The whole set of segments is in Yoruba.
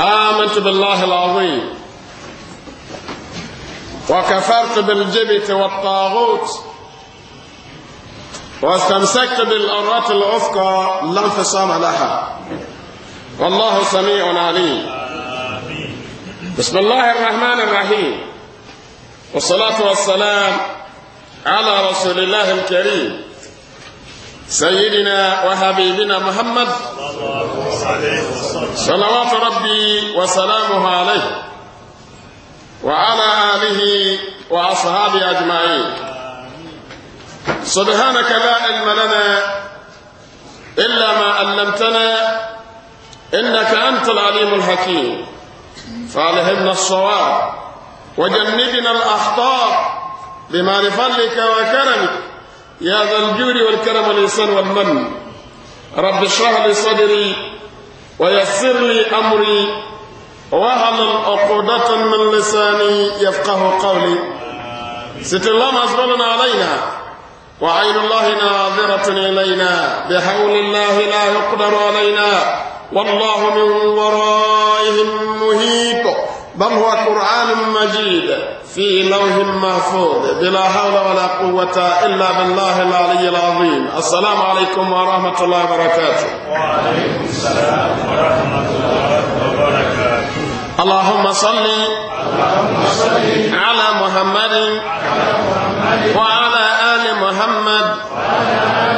آمنت بالله العظيم وكفرت بالجبت والطاغوت واستمسكت بالأرات العفقى لا انفصام لها والله سميع عليم بسم الله الرحمن الرحيم والصلاة والسلام على رسول الله الكريم سيدنا وحبيبنا محمد صلوات ربي وسلامه عليه وعلى آله وأصحابه أجمعين سبحانك لا علم لنا إلا ما علمتنا إنك أنت العليم الحكيم فألهمنا الصواب وجنبنا الأخطاء بما لفلك وكرمك يا ذا الجود والكرم والإحسان والمن رب اشرح لي صدري ويسر لي أمري وهل عقدة من لساني يفقه قولي ستر الله مصبرنا علينا وعين الله ناظرة إلينا بحول الله لا يقدر علينا والله من ورائهم مهيب بل هو قرآن مجيد في لوح محفوظ بلا حول ولا قوة إلا بالله العلي العظيم السلام عليكم ورحمة الله وبركاته وعليكم السلام ورحمة الله وبركاته اللهم صل على محمد وعلى آل محمد وعلى آل محمد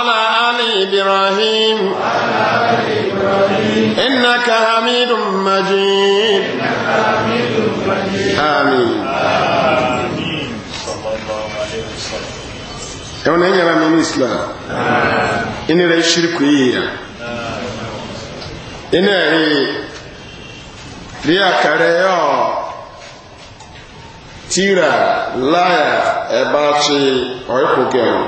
إبراهيم إنك حميد مجيد آمين ẹwọn ẹ̀yẹ̀ rẹ̀ nínú islam inú rẹ̀ ṣírkù yíya inú ẹ̀rí rí àkàrẹ yọ tíra láyà ẹ̀bá ṣe ọ̀rẹ́kùnkẹ̀rùn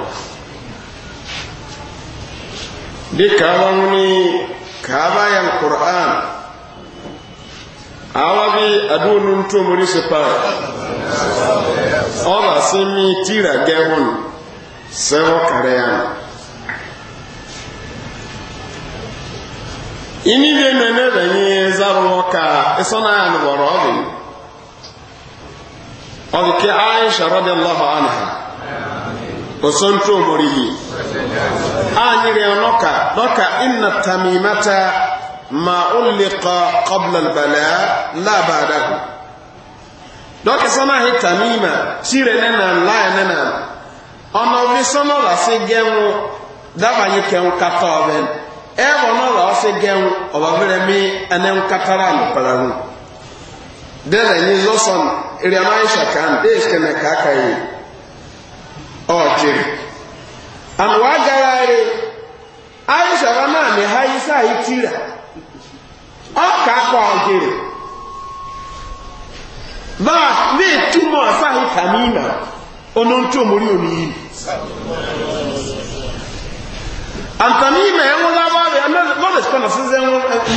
dịka awanwuni ka abayan ƙura'an awabi aduonu ntomori sepa ba si mi tira gẹhun sẹwọ kare ya ini bi nene bẹnyi zaruwa eh, ka isọna ya nubọrọ ọbi ọbi ke aisha radiyallahu anha osontomori yi anyere ọnọka dọka inna tamimata ma ulika qabla albala la ba'dahu dọka sana hi tamima shire na la ne na ọnọ bi sono la se gẹnwu daba yi kẹnwu kata ọbẹ ẹ e wọnọ la ọsẹ gẹnwu ọba mi ẹnẹ nkatara nupara hu dẹrẹ nyi lọsọn ìrìnàmà ayé ṣàkàn dé ìṣẹlẹ kàkà ọ jiri. and wàá gara rè wa náà ní haisa yìí kọ ọgẹrẹ báà ní ìtumọ̀ asáhì kàmínà ọ̀nà tó mórí òní yìí àǹtàní ìmẹ̀ ẹ̀wọ̀n lábọ́ rẹ̀ lọ́dẹ̀ kọ́nà síse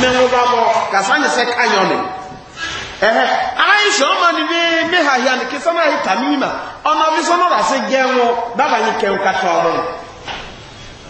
mẹ́wọ̀n lábọ́ kàsáyẹ̀ sẹ́ káyọ̀ ni ẹ̀hẹ́ aisha ọmọ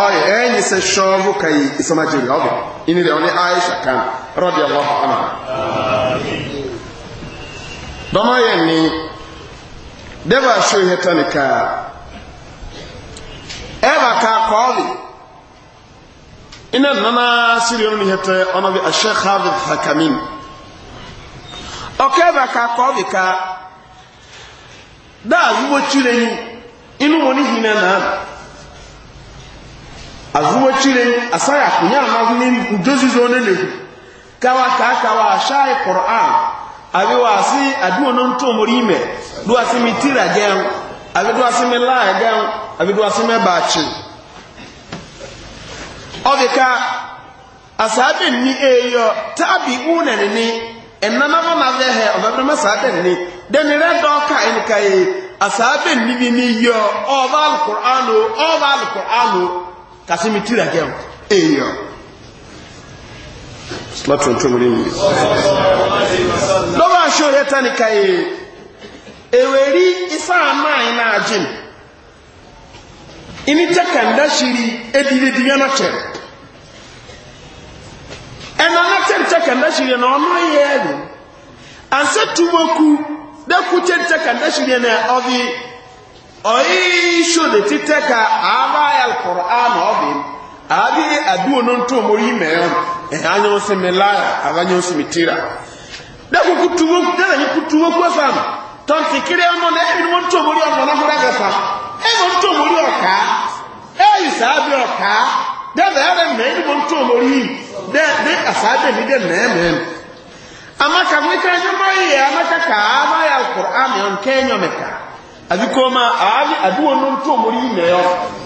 ɔyɛ ɛnyi sɛ sɔɔbu ka yi isamajiri ɔbɛ ini de ɔne aisha kan rɔdi allahu ana dɔmɔ yɛ ni deba aso yɛ ta ne kaa ɛba ka kɔɔbi ina nana siri ɔno yɛ tɛ ɔno bi ahyɛ havid hakamin ɔkɛ ɛba ka kɔɔbi ka daa yi wɔ tiri ni inu wɔn ni hinɛ naa. azuwachire asaya kunya magni njozi zone ne kawa kaka wa shai qur'an abi wasi adu onon to morime du asimi tira gen abi du asimi la gen abi du asimi baachi odika asabe ni eyo tabi una ni enana ma ma vehe obabre ma sabe ni den re doka en kai asabe ni ni yo oval qur'anu oval qur'anu kasi mi tira kɛ eya sila tuntun wuli mi dɔw b'a sɔ tani ka ye eweri isa amaa yi na ajin ini tɛ kanda siri ediri diɲɛ na cɛ ɛna na tɛ tɛ kanda siri na ɔno yɛ ɛlu ansa tumoku dɛ ku tɛ tɛ kanda siri na ɔbi ɔyi sɔ de ti tɛ ka ava alquran obi abi aduo no nto omori meyo eh anyo se melaya abanyo se mitira da ku kutuwo da ni kutuwo kwa fama ton tikire ono na ebi no nto omori ono na kura gafa e no nto omori oka e isabi oka da da ya me ni mo nto omori de de asabe ni de na me amaka mwika nyumba hii amaka ka ama ya alquran yon kenyo meka abikoma aali aduwo no nto omuli yineyo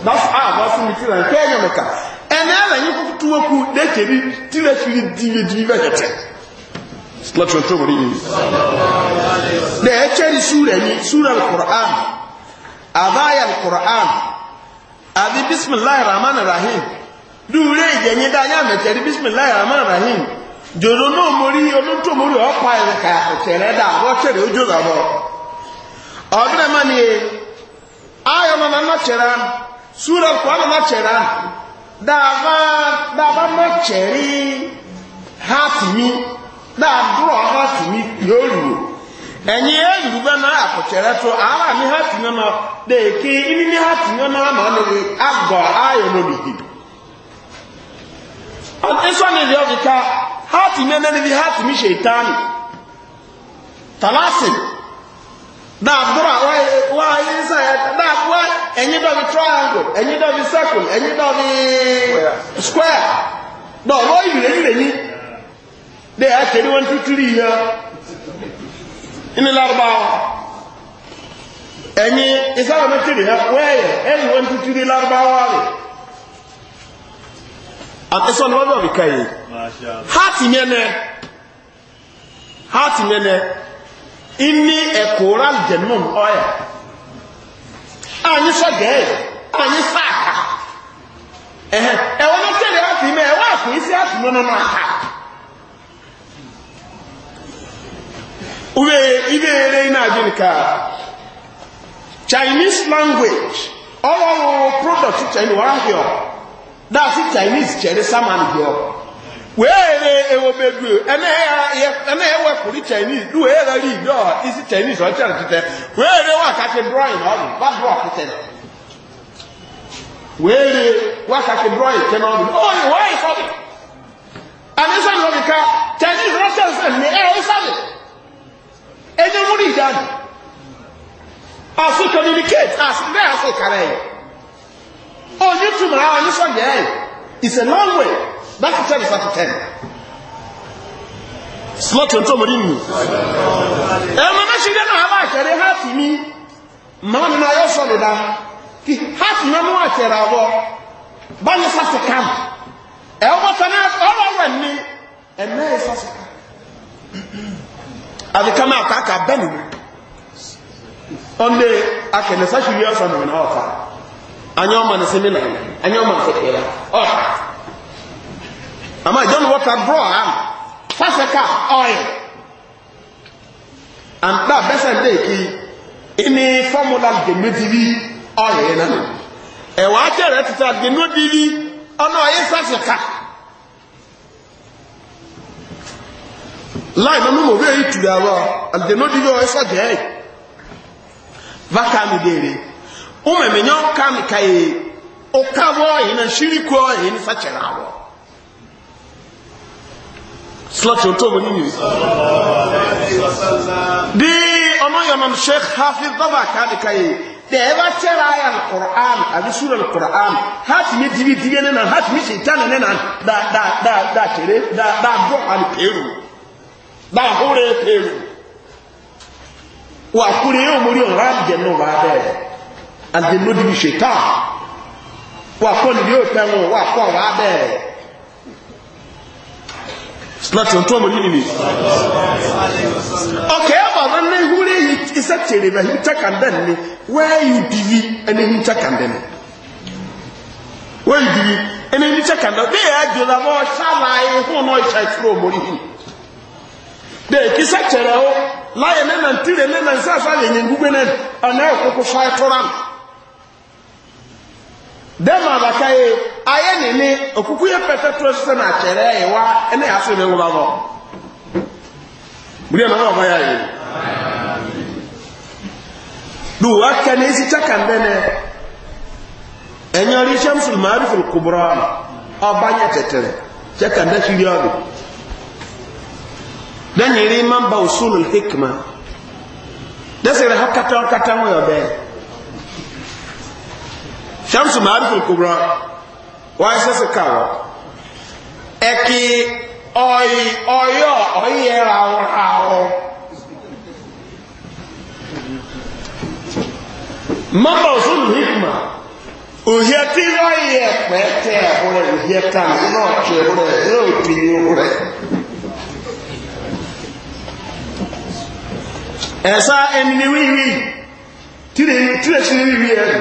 that's how that's me tira nke enyomeka ene abanye kutuwa ku dekeri tira kiri dibe dibe hete slat nto omuli yini de ekeri sura ni sura alquran abaya alquran abi bismillahir rahmanir rahim dure ijenye da nya meteri bismillahir rahmanir rahim joro no omuli yo no nto omuli opa ele ka tere da wo tere ojo da bo ọdún ẹ̀ma ni ayọ mama ma kyerɛ sura na ma kyerɛ dàbà dàbà ma kyerɛ hati mi dàdúrọ̀ hati mi yóò enyi ẹ̀yin ẹ̀yìn bẹ́ẹ̀ náà àkọ̀kyerẹ́ ara mi hati mi náà dèké ìní mi ní agọ̀ ayọ̀ mọ̀ nìyí. Nsọ ni ìyọ̀ kíkà hati mi ni ha Talasi. Dabra, why, why is that? That why? triangle, any circle, any square. No, why you any They are twenty one to three here. In the Larbawa. Any is that a material? Where? Any one to three Larbawa. And it's on one of the Heart in Heart inni ẹ̀kọ́ra jẹ̀nùm ọ̀yà àyín sọ́gẹ̀ẹ́ àyín sáàkà ẹ̀wọ́n náà láti mẹ́ ẹ̀wọ́n isi àtúnú àkà uwe ibe ere iná àjẹnìkà chinese language ọlọ́run product chinese wàhálà that's it chinese chere saman bíọ́. wéèrè ewo bedu ẹnẹ ẹwọ ẹkùnrin chinese du wéèrè rí ìlú ọ isi chinese ọ jẹrẹ títẹ wéèrè wákàtí drawing ọdún bá dúró ọkùtẹ wéèrè wákàtí drawing tẹ náà ọdún ó yìí wọ́n yìí sọ́dọ̀ àníṣe ìlú nìka chinese russian sẹ̀ ní ẹ̀ ẹ̀ sọ́dọ̀ ẹni mú ní ìdáná àsùn communicate àsùn bẹ́ẹ̀ àsùn kàrẹ́ yìí ó ní túmọ̀ àwọn àníṣe yẹn it's a long way. Back to ten, back to ten. Slot on top of him. Ẹ̀rọ náà ṣe dẹ́nu àbá àṣẹrẹ háàfì mi. Màá nínú ayọ́ sọ lè dá. Háàfì náà mú àṣẹrẹ àwọ̀. Báyọ̀ sáfù kàm. Ẹ̀ na sọ́nà ọ̀rọ̀ wẹ̀ ní ẹ̀mẹ́ ẹ̀ sáfù kàm. Àbíká máa kà á kà bẹ́ẹ̀ nìyẹn. Ọ̀nẹ́ akẹ̀lẹ̀ sáṣìírí ọ̀sán nìyẹn na Anyọ́ ọmọ nìsẹ́ mi na Am ama john water draw am car, oil and that person dey ki ini formula gemediri oil na eh, oh, no ẹwà akyẹrẹ títà gemediri ọ̀nà ọ̀yẹ faseka láì nínú mọ̀ bí èyí tùdà wá àdìmọ́dìrí ọ̀yẹ fàgẹ́ car vakami dèrè ọmọ ẹ̀mẹ̀yàn kàmìkàyè ọkàwọ̀ ẹ̀yìn náà ṣírí kọ́ ẹ̀yìn fàkyẹ̀rẹ̀ àwọ̀ slọ́tí ohun tó mú nínú bí ọmọ yọmọ sheikh hafiz baba kàdìkà yìí dẹ̀ ẹ bá tẹ́ra ayà ní kùrán àbí súrẹ̀ ní kùrán hàtì mi dìbí dìbí nínú hàtì mi ṣètà nínú dáa kéré dáa dùn àní pèrú dáa hóre pèrú wà kúrẹ́ yóò mórí ọ̀rọ̀ àbìjẹ̀ náà wà bẹ́ẹ̀ àdìmọ́ dìbí ṣètà wà kọ́ nìyóò fẹ́ràn wà kọ́ láti ọ̀tọ́ ọmọ yìí ni ọkẹ̀ ẹ̀bà náà húrí iṣẹ́ tèrè rẹ̀ hìntakàndẹ̀ ni wẹ́ẹ̀yù dìbí ẹni hìntakàndẹ̀ ni wẹ́ẹ̀yù dìbí ẹni hìntakàndẹ̀ bí ẹ̀ jùlọ bọ́ ṣàlàyé hún náà ìṣà ìṣúrò ọmọ yìí dẹ̀ kí iṣẹ́ tẹ̀rẹ̀ ó láyé nẹ́nà tìrẹ̀ nẹ́nà ìṣàṣàlẹ̀ yẹn gbígbé náà ọ̀nà ẹ̀kọ́kọ́ fáyẹ́ tọ́ra mi dẹ́mà àbàká yìí ayé nìní òkúkú yẹ pẹ̀tẹ́ tó ṣiṣẹ́ náà kyẹ̀rẹ́ yìí wá ẹni àṣọ ìwé wọn lọ. Bùrẹ́ màmá ọ̀bá yà yìí. Dù wá kẹ́ ní esi kyẹ́ kàndé nẹ. Ẹ̀yẹ́ rí Shamsul Ma'arifin Kubura ọba nyẹ tẹ̀tẹ̀rẹ̀ kyẹ́ kàndé kiri ọ̀dù. Dẹ́nyẹ̀rí máa ń ba òṣùlù hikma. Dẹ́sẹ̀ rẹ̀ shamsu maarifu kubra wáyé sẹ́sẹ̀ káwọ́ ẹ̀kí ọ̀yí ọ̀yọ́ ọ̀yí ẹ̀rà ọ̀rọ̀ mọ́mọ́ òsùn hikma òhìẹ́ tí lọ́yí ẹ̀pẹ́ tẹ́ ẹ̀húrẹ́ òhìẹ́ tá náà kí ẹ̀húrẹ́ yóò tí ẹ̀húrẹ́ ẹ̀sá ẹni wíwí tí lè ṣe wíwí ẹ̀rù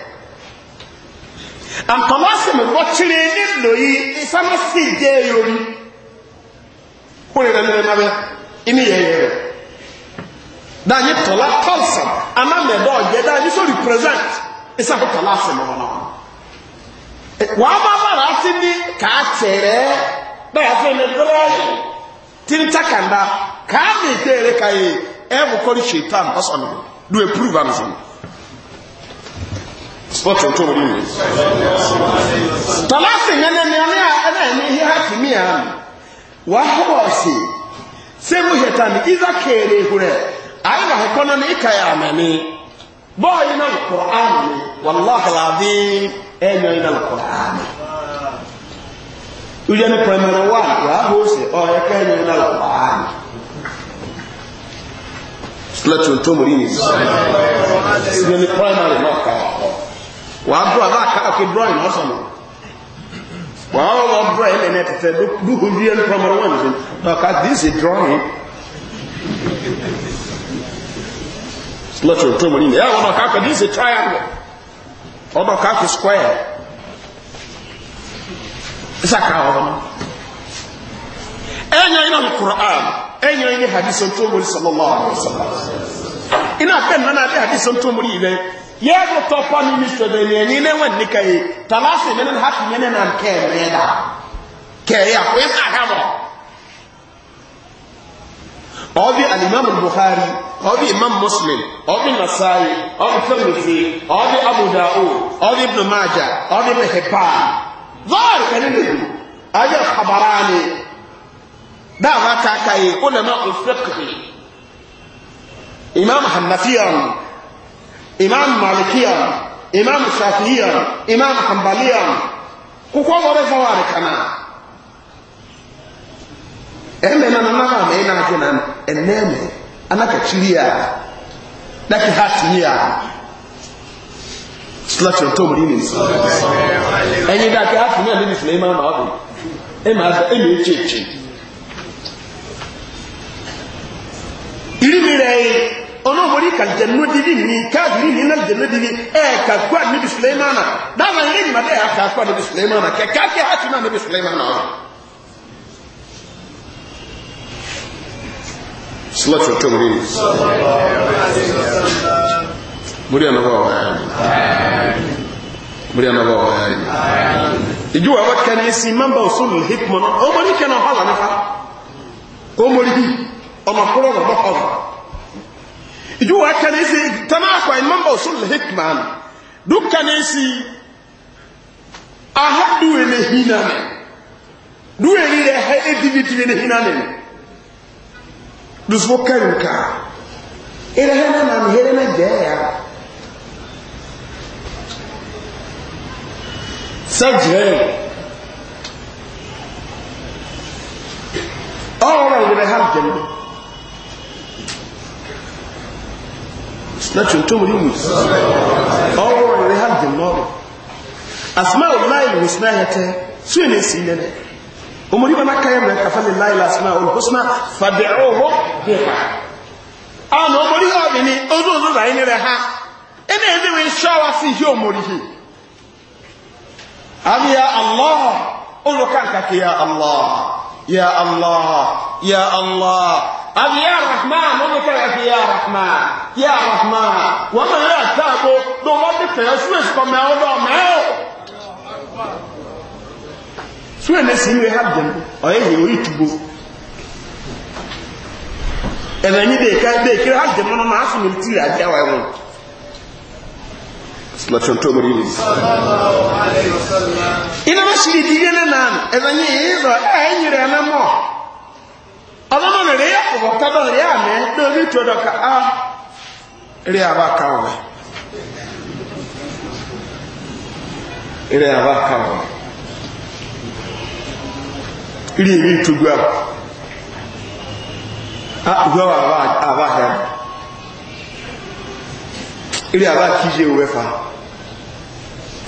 àǹtọ̀mọ́sì mi bọ́ kiri nílò yìí sámẹ́sì jẹ́ yorí ó lè rẹ̀ nílẹ̀ náà inú yẹ yẹ rẹ̀ dáyé tọ́lá tọ́lsán anámẹ́dọ́ ọ̀jẹ́ dáyé sọ represent ìsàkó tọ́lá sí mi wọn. wàá bá bàrà sí ní kàákẹ́rẹ́ bẹ́ẹ̀ fún mi dúrọ́ọ̀yì tí ń takàndá kàá mi tẹ́ẹ̀rẹ́ káyé ẹ̀ bùkọ́rí ṣètàn ọ̀sán ni do a prove am something sport tó wọ́n yìí tọ́lásì nẹ́nẹ́ ni ọ́nà ẹ̀nà ẹ̀mí ihe ha kì mí à ń wà họ́wọ́ sí sẹ́mu hẹ̀tà ní ìzá kéré hurẹ̀ ayé wà hẹ́kọ́ náà ní ìka yà àmà ní bọ́ọ̀lù náà kọ̀ áàmì wàláhàlà bí ẹ̀yọ iná kọ̀ áàmì ní primary one wà á họ́ sí ọ̀ ẹ̀kọ́ ẹ̀yọ iná kọ̀ áàmì splatoon tó wọ́n yìí ìjẹ́ ní primary náà kọ̀ áàmì. wàá dúró wàá wọ́n ẹ̀ lẹ́nà ẹ̀tẹ̀tẹ̀ dúkù bí this is drawing lọ́tọ̀ tó mọ̀ nílẹ̀ ẹ̀wọ̀n dọ̀ka kọ̀ this is triangle ọ̀dọ̀ka kọ̀ square ìsàkà ọ̀rọ̀ náà ẹ̀yàn iná kùrán ẹ̀yàn iná hadith tó mọ̀ sọ̀lọ́lọ́ àwọn ọ̀sán iná bẹ́ẹ̀ nánà yɛɛbo tɔpɔ ne ne sɔbɛniani ne wa nika yi talase ne ne hafi ne ne nam kɛɛmɛɛ da kɛɛyɛ a koe sa ka bɔ ɔbi alimam buhari ɔbi imam muslim ɔbi nasaayi ɔbi tɛmɛsi ɔbi abudahu ɔbi ibn maja ɔbi ibn hibban zɔɔri kɛne ne mu ayɛ kabaraani daawa kaka yi ulama ulfiqhi imam hanafiya imam malikiya imam shafiya imam hanbaliya kuko wore fo ware kana eme na na na me na je na eneme anaka chiriya na ki hatiya slatu to muri ni enyi da ki hatu na ni sulaiman ma obi e ma e me cheche iri mi rei ọlọ́mọrí kàjẹ̀nódìrí ní káàdìrí ní iná jẹ̀nódìrí ẹ̀ẹ̀kà kú àníbi suleimana dáwọn ilé ìgbà bẹ́ẹ̀ àkà kú àníbi suleimana kẹ̀kẹ́ kí á ti náà níbi suleimana ọ̀rọ̀ sílọ́tì ọ̀tọ́ mú rí múrí ànábà wà áyà ni múrí ànábà wà áyà ni ìjú wà wákà ní sí mẹ́mbà òsùnlù hikmọ́nà ọmọ ní kẹ́nà ọ̀hálà nípa ọmọ rí bí ọmọ kúrọ̀ ọ̀rọ̀ ijuwa kanisi tana kwa imamba usul hikman duk kanisi ahadu ene hinane duwe lile haediviti ene hinane dusvo karuka ila hena na mhere na jeya sajhe All right, we have jẹ sinatwi ntomri mu ɔwɔ reha de nɔɔre asma o lai wo sina yɛtɛ suyi ne si nɛnɛ omori bana kaya mɛ kafa ne lai la asma o hosina fadɛɛ o bi pa ɔna omori ɔbi ni ozo ozo la yi ne rɛ ha ɛna ɛdi wo ehyia wa si hi omori hi abi ya allah olu kan kake ya allah. يا الله يا الله أب يا رحمن ومكرف يا رحمن يا رحمن وما يأتاكو دوماتك يسويس فما ودوميو سوى نسي يوي حبجن أيه يوي تبو إذا ني ديكا ديكا حبجن أنا ما أسمي التيرا جاوة يوم lọ́tọ̀ tó mọ̀rí ni. iná bá ṣìlì di yẹn náà ẹ̀fẹ̀ yín yìí sọ ẹ̀ ń yìrẹ̀ ẹ̀ mọ̀ ọlọ́mọ mi rèé ọ̀pọ̀ kọ́dọ̀ rèé àmì lórí tó dọ̀ka á rèé àbá kàwé rèé àbá kàwé rí ìrí ìtúgbò àgbọ̀ àbá àbá hẹ́m rí àbá kíjé wẹ́fà.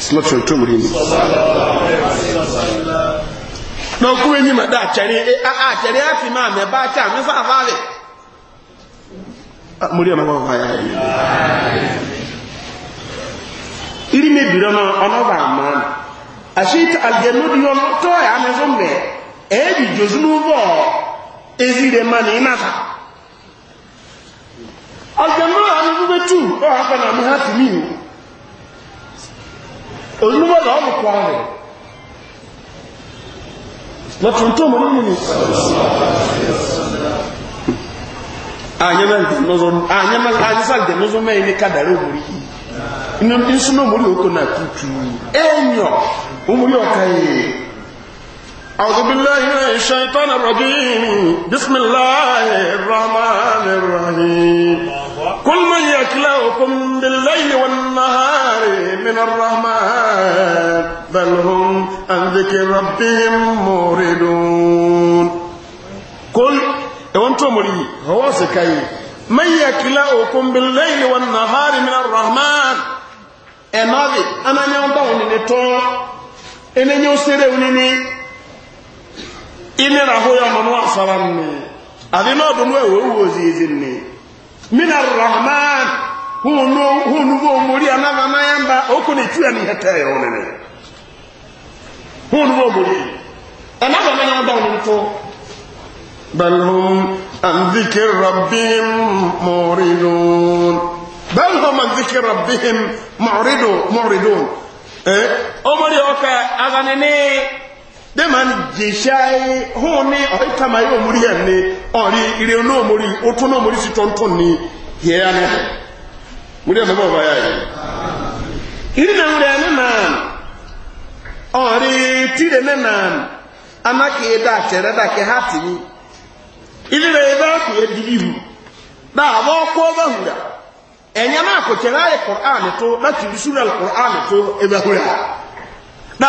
slọtụ ntụ mụrụ imi na enyi ma da achari achari afi ma ame ba aka ame avali ya iri mebiri na ọnọba ama ashit aljanu di ọnọ tọ ya ame zombe ebi jozu n'ụbọ ezire ma na ịnata aljanu ahụ bụ tu ọ hapụ na mụ ha onuma na ɔmu kwan ne na tuntum ni anyama nnozo anyama anyisa de nnozo mɛ ne kadara omori yi nsona omori oko na tutu enyo omori ɔka yi. أعوذ بالله من الشيطان الرجيم قل من يكلأكم بالليل والنهار من الرحمن بل هم عن ذكر ربهم موردون قل إيه وانتم لي هو سكي من يكلأكم بالليل والنهار من الرحمن ẹ̀nọ́dì نعم ònìní نعم ẹnẹ́yí نعم sẹ́rẹ̀ نعم inú نعم mọ̀nú نعم nì نعم ọdún نعم òwò نعم ìzì nì mina rahman hunu hunu bo muri anava mayamba okuni tia ni hete onene hunu bo muri anava mayamba onento bal hum an dhikr rabbihim muridun bal hum an dhikr rabbihim muridun muridun eh omari oka aganene dẹ́mà jèṣà hún ní ọ̀rẹ́ kama ya múrí ẹ̀ ní ire náà múrí ó tún náà múrí sí tọ́ntún ní yẹ́yà ní múrí ẹ̀mọ́ bọ̀ báyà na ìrì náà múrí ẹ̀mí náà ọ̀rí tíre mẹ́ náà anákìí dá àtẹ̀rẹ́ na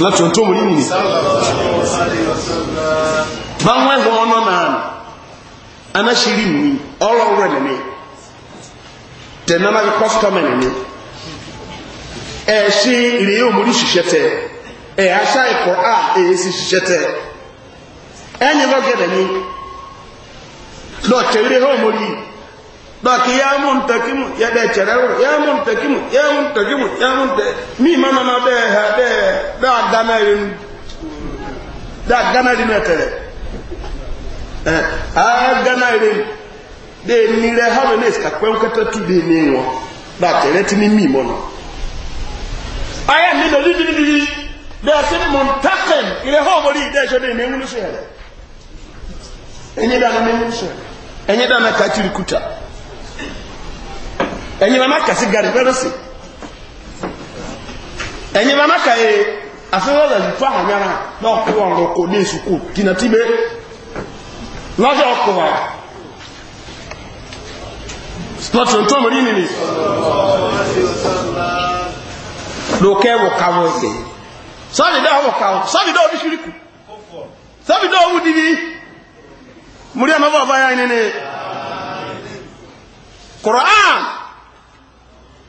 láti ohun tó mú nínú bá wọ́n ẹ̀gbọ́n ọ̀nà náà anáṣírí mú ọ̀rọ̀ ọ̀rọ̀ ẹ̀lẹ́mẹ́ tẹ̀nàmà kọ́sítọ́mẹ̀ ẹ̀lẹ́mẹ́ ẹ̀ ṣe ìrèé òmùrí ṣiṣẹ́ tẹ ẹ̀ aṣá ẹ̀kọ́ a èyí sì ṣiṣẹ́ tẹ ẹ̀yìn lọ́gẹ̀dẹ̀ ni lọ́ọ̀tẹ̀ ìrèé òmùrí dɔki ya mun ya dɛ cɛrɛ ya mun ya mun ya mun tɛ min ma nana ha dɛ da gana yi da gana yi mɛ tɛrɛ a gana yi de nirɛ ha bɛ ne sika kpɛm kata tu de ne wɔ da tɛrɛ ti ni min mɔ na a yɛ mi dɔli diri diri dɛ se mun takɛm ire hɔn wali dɛ sɛ de ne wuli sɛ yɛrɛ enyi dana ne wuli sɛ ha dana katiri kuta. ẹ̀yìn mama gari fẹ́rẹ́ sí ẹ̀yìn mama kà yé afẹ́rẹ́ rẹ̀ fún ọkụ náà kó wọn lọ kó ní ìsukù jìnnà tí bẹ́ẹ̀ lọ́jọ́ ọkọ̀ wa lọ́tún tó mọ̀rí nìyí lókè wọ̀ káwọ́ ẹ̀sẹ̀ sọ́ọ̀dì sọ́ọ̀dì sọ́ọ̀dì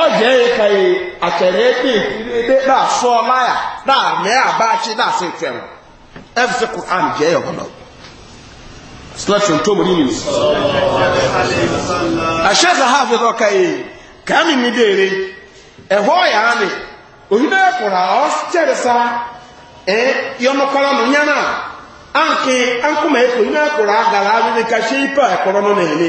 ọjọ́ ìka yìí àtẹ̀rẹ́ pé ìdílé náà sọ láyà náà mẹ́ àbáṣe náà sì fẹ́ wọn ẹ fi ṣe kùrán jẹ́ ọ̀gbọ̀n náà slatrin tó mú ní nìyí. àṣẹ sàháfi lọ́ka yìí kàmí ní déere ẹ̀họ́ yà á ni òhìnà ẹ̀kọ́ra ọ́ jẹ́rẹ̀ sá ẹ̀ yọmọkọ́rọ́ nù yánà ànkì ànkùmẹ̀ ẹ̀kọ́ òhìnà ẹ̀kọ́ra àgàlà àbíbi kàṣẹ́ ìpà ẹ̀kọ́rọ́ nù nìyí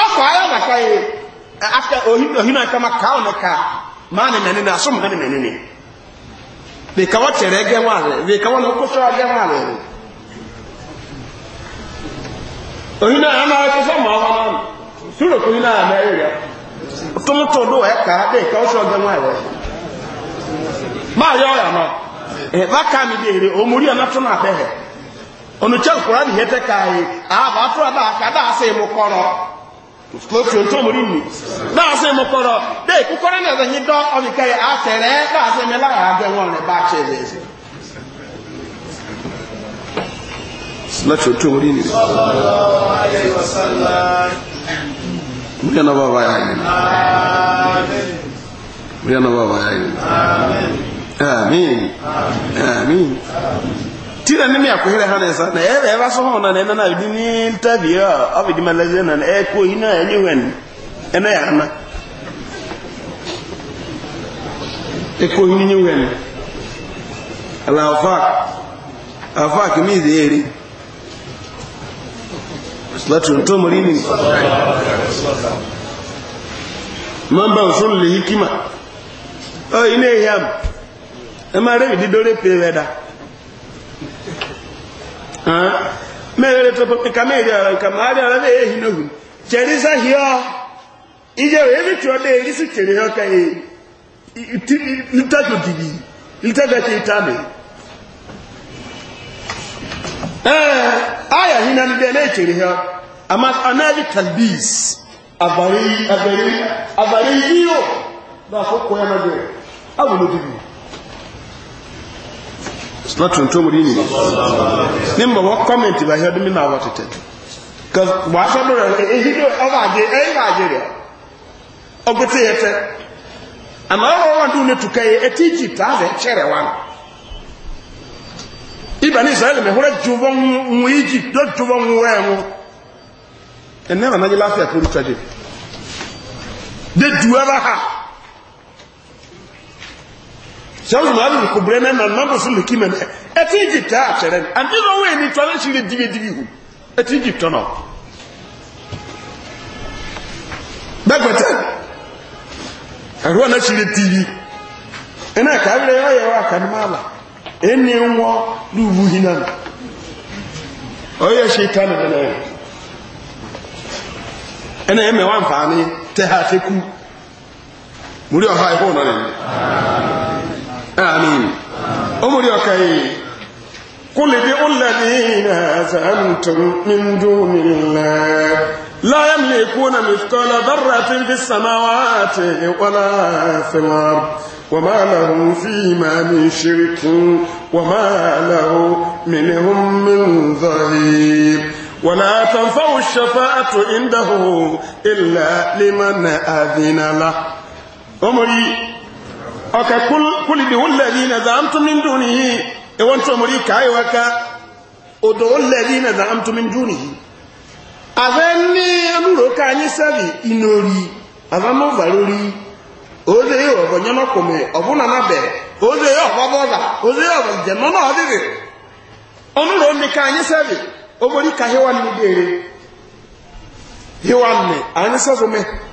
ọkọ ayọ naka yi e, afta ohin ohin aka ma kaa ọna ka maa ne nani na asom nani nani ne ka wọ ẹgẹ wọn alẹ ka wọn kọsọ ẹgẹ na ayọ sọ ma ọhọ náà suru na ayọ yẹ do ẹ ka ka ọsọ ẹgẹ maa yọ ẹ bá ká mi dèrè òmùrí ẹ náà a mu kọrọ. lókè tó mórí nì láàṣẹ mọ́kọ́rọ̀ dé ìkúkọ́rọ́ ní ọ̀dọ̀ yìí dán ọ̀nìkẹ́ yẹ àtẹ̀rẹ́ láàṣẹ mi láàrá gbé wọn rẹ̀ bá ṣe rẹ̀ ṣe. lókè tó mórí nì. Muriana baba ya yi. Muriana baba ya yi. Amin. Amin. Amin tira nimi akuhira hanesa na ebe eba so hona na ena na bidi ni a abi di malaze na e ko hina enye hwen ena ya na e ko hini ni hwen ala afa afa kimi zeri salatu nto mulini mamba usul kima hikima o ine yam ema rebi didore peweda mere topo kamere ya kamari ala ne ehi no hu cherisa hio ije evi tro de risu chere hio kai e. lita to digi lita da ke itame eh, aya hina na ndị ne chere hio ama anavi talbis avari avari avari hiyo ba ko ko ya na de awu no digi slotun tó múrí nìyí ní mbọ̀ wọ́n kọ́mẹ̀ntì bá yọdún mímọ̀ àwọ̀ tètè wàá sọ́dọ̀ rẹ̀ ehidó ọba àjẹ ẹ̀yìnbá àjẹ rẹ̀ ọgbẹ́tẹ̀ yẹ tẹ́ àmà ọ̀rọ̀ wọn dùn ní tukẹ́ yẹ etí egypt àbẹ̀ kyẹ̀rẹ̀ wọn. ibà ní israẹli mẹ̀húrẹ́ jùbọ̀ ń egypt dọ́ jùbọ̀ ń wẹ̀ ń ẹ̀nẹ́ nà nàjẹ́ láfíà kúrú tẹ́lẹ̀ ha. sẹ́wọ́n na lùkù bẹ̀rẹ̀ náà nà nàbọ̀ sí lùkì mẹ́mẹ́ ẹtí egypt á àkyẹrẹ ní àti ní ọwọ́ ẹni tọ́lá ṣì lè dìbì dìbì a ẹtí egypt náà. bẹ́gbẹ̀tẹ̀ ẹ̀rọ náà ṣì lè dìbì ẹ̀nà kàwéré ọ̀yẹ̀ wà kàn na bà ẹni wọ́ lùwù yìí náà ọ̀yẹ̀ ṣe na nìyẹn na ẹ̀nà ha آمين أمري أكي قل ادعوا الذين زعمتم من دون الله لا يملكون مثقال ذرة في السماوات ولا في الأرض وما لهم فيما من شرك وما له منهم من ظهير ولا تنفع الشفاعة عنده إلا لمن أذن له أمري ọkà kúlìbì húlẹ̀dì na zàmtùmí dùnì yìí ìwọ́n tó mọ̀rí káyíwáká odò húlẹ̀dì na zàmtùmí dùnì yìí àfẹ́ ní ẹnúrò ká ní sẹ́rì iná orí àfẹ́mọ́ vàlórí òde ọ̀bọ̀ nyọ́nọ́kùnmẹ̀ ọ̀bùnànàbẹ̀ òde ọ̀bọ̀ bọ́ọ̀là ọbọ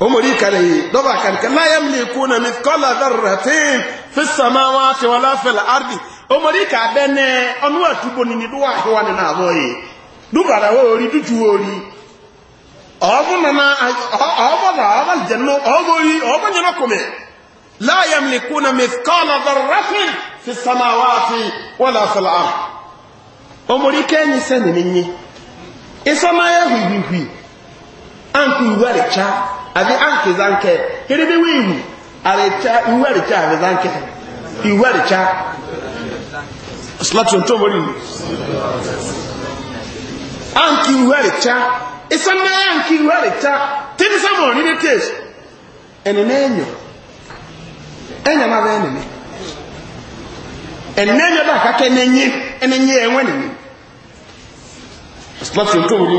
omori kare dɔba kankan la yam le kuna mi kɔla daratin fi samawa ti wala fɛlɛ ardi omori ka bɛ nɛ ɔnu atubo nini do wa hiwa ni naabɔ ye dugara wori dutu wori ɔbu nana ɔbu na ɔbu alijanu ɔbu yi ɔbu nyina kome la yam le kuna mi kɔla daratin fi samawa ti wala fɛlɛ ardi omori kɛ ni sɛ nini nye isɔmayɛ huihuihui anku iwa de kya àbí àǹkì zánkẹ́ kérébe wí ìwù àrètá ìwú àrètá àbí zánkẹ́ ìwú àrètá slọtun tó mọ́rí àǹkì ìwú àrètá ìsànmẹ́ àǹkì ìwú àrètá tẹ́lí sámọ̀ ní ní tẹ́sí ẹ̀nìmẹ́ ẹ̀yọ ẹ̀yọ máa bẹ́ẹ̀ nìmẹ́ ẹ̀nìmẹ́ ẹ̀yọ bá kákẹ́ ẹ̀nìyẹ ẹ̀nìyẹ ẹ̀wọ̀n nìmẹ́ slọtun tó mọ́rí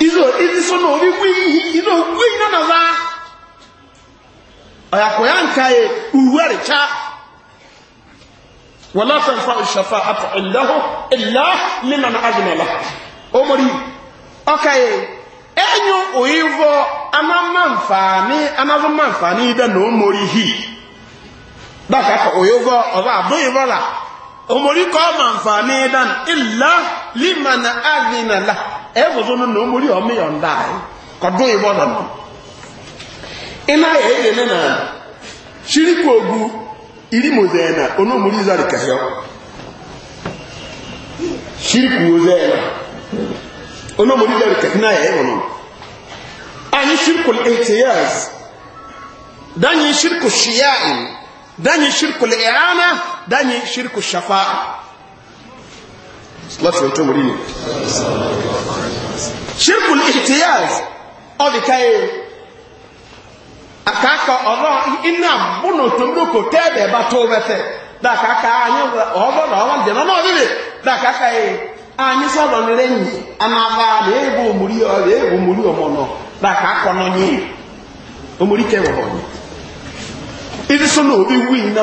izo izi so na obi gwe ihe ino gwe ino na za aya ko yan kai uwar cha wala tanfa shafa'atu illahu illa liman azna lahu omori okay enyo oyivo amama mfani amazo mfani da no omori hi baka ko oyivo oba do yivo la E omori kọ́ ma nfààní dán ilá límànà àdínàlá ẹ̀fọ́sọ́ nínú omori ọmọ yọ̀ǹda kọ̀dún ìbọn nà iná ẹ̀yẹ nínà ṣíríkù ogu irimozẹ̀ẹ̀nà onómori zari kẹsẹ̀ ṣíríkù ozẹ̀ẹ̀nà onómori zari kẹsẹ̀ náà ẹ̀yẹ wọn anyi ṣíríkù ẹ̀tẹ̀yẹ́s dani ṣíríkù ṣíyáìn dani ṣíríkù ẹ̀yánà danyi shirku shafa láti ọjọ́ orí shirku ihtiyaz ọdíkáyé àkàkà ọ̀rọ̀ iná múnà tó ń lókò tẹ́ẹ̀bẹ̀ aka aka wẹ́fẹ́ dákàkà anyẹ́ ọ̀rọ̀ ọ̀rọ̀ aka anyị sọrọ nire nyi anaba na ebe omuri ọrịa ebe omuri ọmọnọ na ka omuri so na obi wi na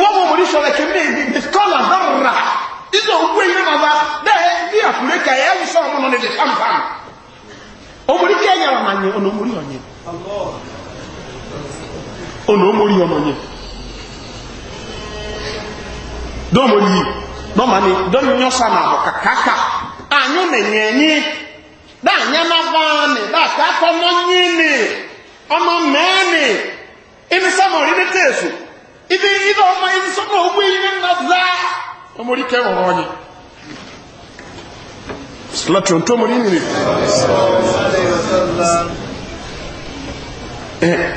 wọ́n mọ̀ mọ̀ ní sọ̀rọ̀ kí ní mìkọ́là dọ́rọ̀rà ìzọ̀ òkú èyí ní bàbá bẹ́ẹ̀ bí àkùrẹ́ kà ẹ̀ ń sọ ọmọ náà nílẹ̀ fáńfà ọmọdé kí ẹ̀yà ọmọ yẹn ọ̀nà ọ̀nà yẹn dọ́mọ yìí dọ́mọ ni dọ́mọ náà kàkàkà náà bá ọmọ yìí ọmọ ibi ibi ọmọ yìí sọ́nà ogún yìí nínú ọ̀dá ọmọdé kẹ́ ọ̀rọ̀ ọ̀yìn látọ̀ tó mọ̀ nínú rẹ̀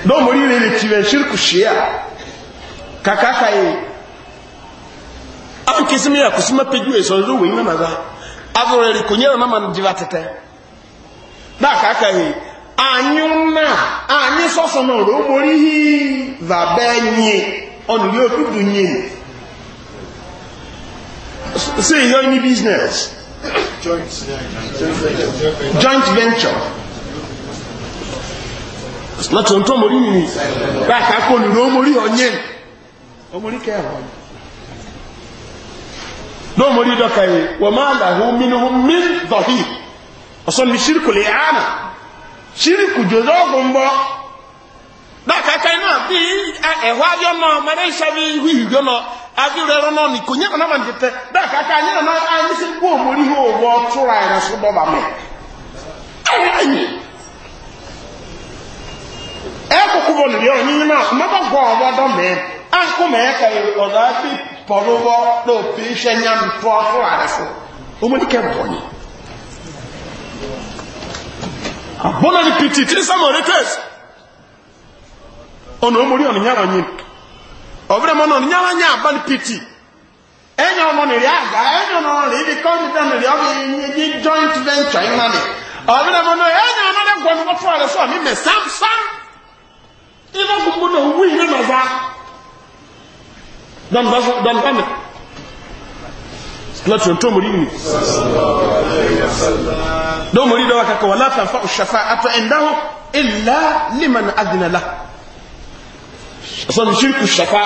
dọ́mọ̀ rí rẹ̀ kìrẹ̀ ṣírkù ṣíyà kàkàkà yìí an kìí símí àkùsí mẹ́pẹ́jú èso lówó yìí nínú azọrọ rẹ̀ kò on ilé òkú dùn yìí sí ìyọ́ ní business joint venture láti ohun tó mọ̀rí nìyí báyìí kò lùrọ̀ ó mọ̀rí ọ̀nyẹ́ ọmọrí kẹwàá ló mọ̀rí dọ́kà yìí wọ́n máa làhún mínú mí dọ̀hí ọ̀sán mi ṣírkù lè áàmà ṣírkù jòzọ́ daka kai na bi ɛhɔ e, e, ayɔ nɔ mɛrɛ isabi ihu nɔ abi rɛrɛ nɔ ni konya kana ma anyi nana omori yɛrɛ so ba mɛ ɛkoko bɔ na mɛba gɔ ɔbɔ dɔ mɛ akɔ mɛ ɛka yi ɔdɔ afi pɔlɔbɔ na hwɛ nyam tɔ tura yɛrɛ so omori kɛ bɔ abɔnani piti sɛ ono omori ono nyara nyim ovre mo no nyara nya ban piti enyo no ne ya ga enyo no ne bi kon ta ne ya bi ni joint venture in mane ovre mo no enyo no ne gwo no fo ara so mi me sam sam ina ku mo no wi ne ma za dan ba dan ba me láti ọ̀tọ́ mọ̀rí ni dọ́mọ̀rí dọ́wọ́ kakọ̀ wà látàfà òṣàfà àtọ̀ ẹ̀ndáwó ìlà lèmọ̀nà àdínàlá sọ ni shirku shafa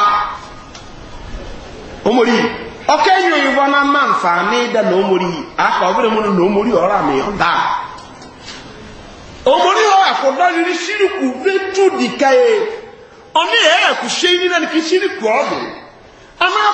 omori ọkẹ yìí òyìnbó náà máa ń na omori akọ mu na omori ọrọ àmì ọdá omori ọ àkọdọ rírì shirku bẹtù dìkaye ọmọ ẹ ẹ kò ṣe yín náà kí a máa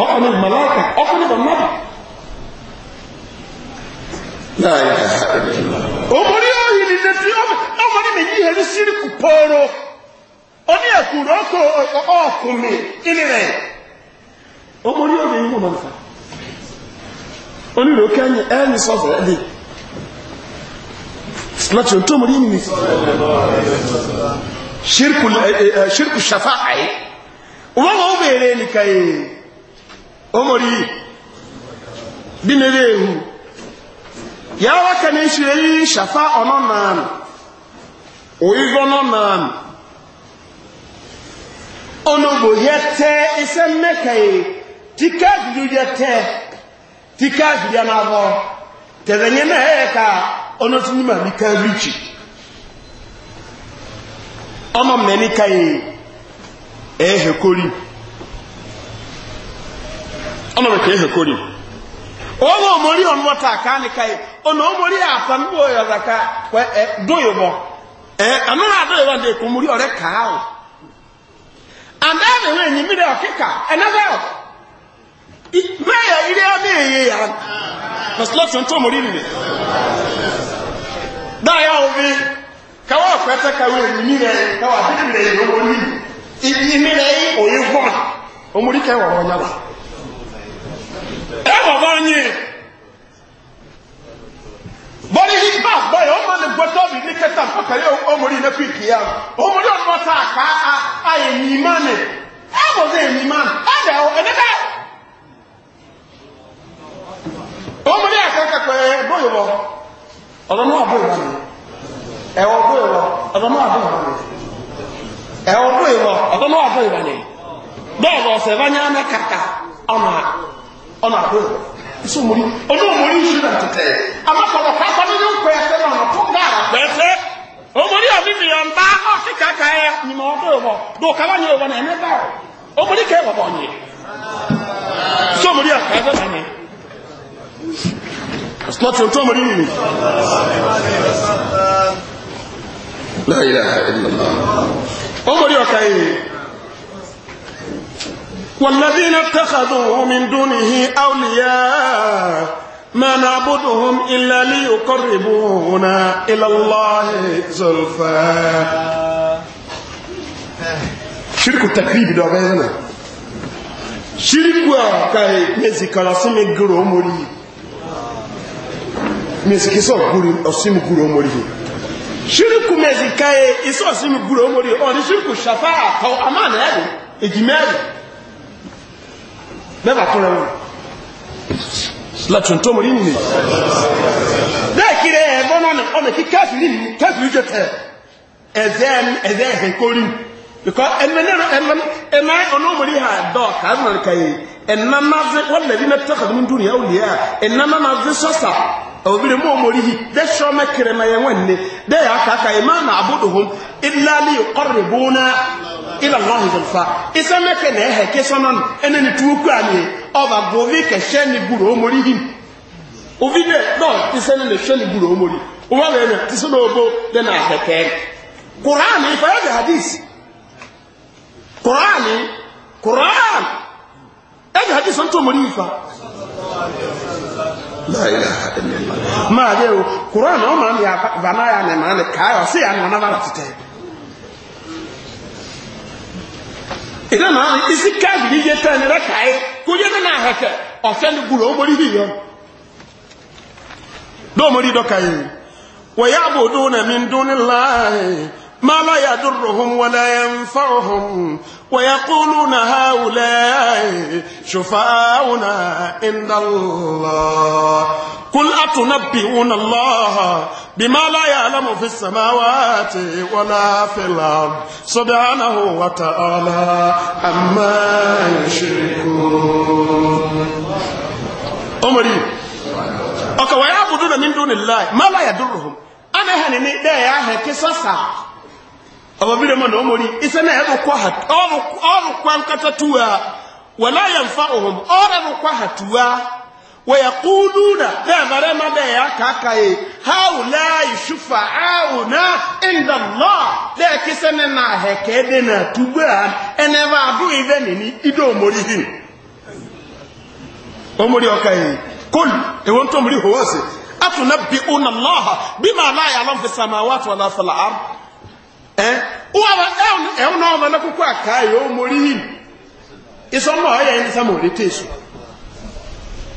ọkọ ní mọláìkà ọkọ ní bàmọ́bà láàyè òmùrí òyì ní nẹ́tí ọmọ ní mèjì yẹn ní síríkù pọ́ọ́rọ́ oní ẹ̀kúrò ọkọ ọkùnmi kíni rẹ̀ òmùrí òyì ní mọ̀mọ́ nìfà onílò kẹ́yìn ẹ̀yìn sọ́fọ̀ ẹ̀dì láti ohun tó mọ̀ ní mi ṣírkù ṣàfáà yìí wọ́n wọ́n bèèrè nìkan yìí omori dinere ehu yàrá kàní ìṣirò yìí ṣàfà ọ̀nà nàánù òyìnbó ọ̀nà onogbo yẹ tẹ ẹsẹ mẹka yìí tìka dùdú yẹ tẹ tìka dùdú yẹn abọ tẹ̀lé yẹn náà yẹ ká ọ̀nà tún mímà ka ọmọ bẹ̀kẹ́ ẹ̀hẹ̀ kórì ọmọ omori ọmọ ta aka ni kai ọmọ omori atan bó yọ zaka kwẹ ẹ dóyè bọ ẹ anúra adóyè bọ ndé kò mórí ọrẹ kàá o àndá ni wọn èyí mìíràn ọkíkà ẹnẹfẹ ọ mẹyà ilé ọmọ èyí yà pẹsìlọtì ntọ́ mórí nìyẹn dáyà òbí káwọ́ ọ̀pẹ́tẹ́ káwọ́ èyí mìíràn káwọ́ àbí mìíràn èyí ọmọ orí ìmìíràn èyí òye gbọ́n ọmọ orí kẹwàá ẹwọ bá ń yìn bọ́lí hip hop bọ́yì ọmọ ní gbọ́dọ̀ mi ní kẹta pàkàlẹ́ ọmọdé ní pípì yá ọmọdé ọmọ ta àká àyè ní má ni ẹwọ ní èmi má ni ẹdẹ ọ ẹdẹ bẹ ọmọdé àkàkọ ẹ bóyì bọ ọdọ náà bóyì bọ ẹwọ bóyì bọ ọdọ náà bóyì bọ ẹwọ bóyì bọ ọdọ náà bóyì bọ ni bọ́ọ̀lù ọ̀sẹ̀ bá nyá mẹ́kàkà ọmọ ọ̀nà àbúrò iṣu mori ọ̀nà òmori iṣu náà tẹ̀tẹ̀ amakọ̀lọ̀ pápá nínú pẹ̀ẹ́fẹ́ náà tó dára pẹ̀ẹ́fẹ́ òmori ọ̀fífi ọ̀nba ọ̀kí kàkà ẹ̀ nìmọ̀ ọ̀dọ́ ìwọ̀ dò kàwá ní ìwọ̀ náà ẹ̀mẹ́ bá ọ̀ òmori kẹ́ ìwọ̀ bọ̀ nyẹ iṣu mori ọ̀kẹ́fẹ́ náà ni ọ̀sùnmọ́tì ọ̀tọ́ mori nìyí. láyé ọ̀kẹ́ yìí. والذين اتخذوا من دونه أولياء ما نعبدهم إلا ليقربونا إلى الله زلفى شرك التكريب دو بيزنا شرك كاي ميزي كراسمي غرو موري ميزي كيسو غرو اسمي غرو موري شرك ميزي كاي اسو اسمي غرو موري او شرك شفاعه او امانه اجماعي bẹ́ẹ̀ bá tún rẹ̀ wọ́n látún tó mọ̀rí nìyí bẹ́ẹ̀ kiri ẹ̀ bọ́nà ọ̀nà kí kẹfìrí nìyí kẹfìrí jẹ tẹ ẹ̀dẹ́ ẹ̀dẹ́ ẹ̀hìn kórì because ẹ̀mẹ́ ẹ̀mẹ́ ẹ̀mẹ́ ọ̀nà ọ̀mọ̀rí hà dọ̀ kàánù nìkan yìí ẹ̀nà obìnrin mú omori yìí dẹ́sọ́ mẹ́kẹrẹ náà yẹn wọ́n ní dẹ́yà kàkà yìí máa nà abúdùhùn ìlàlí ọ̀rẹ́ bóná ìlàláhùn ìjọba iṣẹ́ mẹ́kẹ náà ẹ̀hẹ̀ kí sọ́nà ẹni ní túkú àná ọba gbòógì kẹsẹ́ ní gbùrò omori yìí òbí dẹ náà iṣẹ́ ní lè ṣẹ́ ní gbùrò omori wọ́n rẹ̀ náà ti sọ́nà ogbó dẹ́nà àhẹ̀kẹ́ kùránì ìfọyọ́dẹ̀ maadị ewu kwụrụ na ọ ma ya vana ya na ịmanị ka a ghọsị ya na nara tụta ịda na ahụ isi kaadị n'ije taa nyere ka anyị kụnye dị na hekel ọfịanị gburu ogbori bi yọ dọmori dọka ya wee ya bụ ụdụ na-eme ndụ n'ụlọ ahụ ما لا يضرهم ولا ينفعهم ويقولون هؤلاء شفاؤنا عند الله قل أتنبئون الله بما لا يعلم في السماوات ولا في الأرض سبحانه وتعالى عما يشركون أمري أكا ويعبدون من دون الله ما لا يضرهم أنا هنني لا يا هكي سسا ababire mu na omori isana ya kwa hat oru oru kwa nkata tuwa wala yanfa'uhum oru kwa hatuwa wa yaquluna e, la marama da ya kakaye haula yusfa'una inda Allah la kisana na hekede na tuba ene ba du ibe ni ido omori hin omori okaye kul e won to omori ho wase atunabbi'una Allah bima la ya'lam fis samawati wala fil ardh ẹ̀hún náà ọmọ lọ́kùnkú àkáyè ó mórí hìm ìsọmọ ọ̀yẹ́ ẹni sẹ́mọ̀ lè tèṣù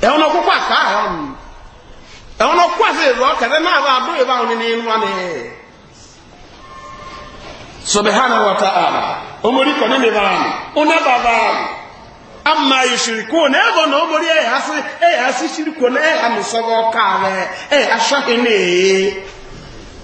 ẹ̀hún náà kókó àkáyè ẹ̀hún náà kó àṣẹ ìlú náà bá abúlé bá òní ní inú wa ni. sọ̀bẹ̀hánà kọ́ ọ̀nà bàbá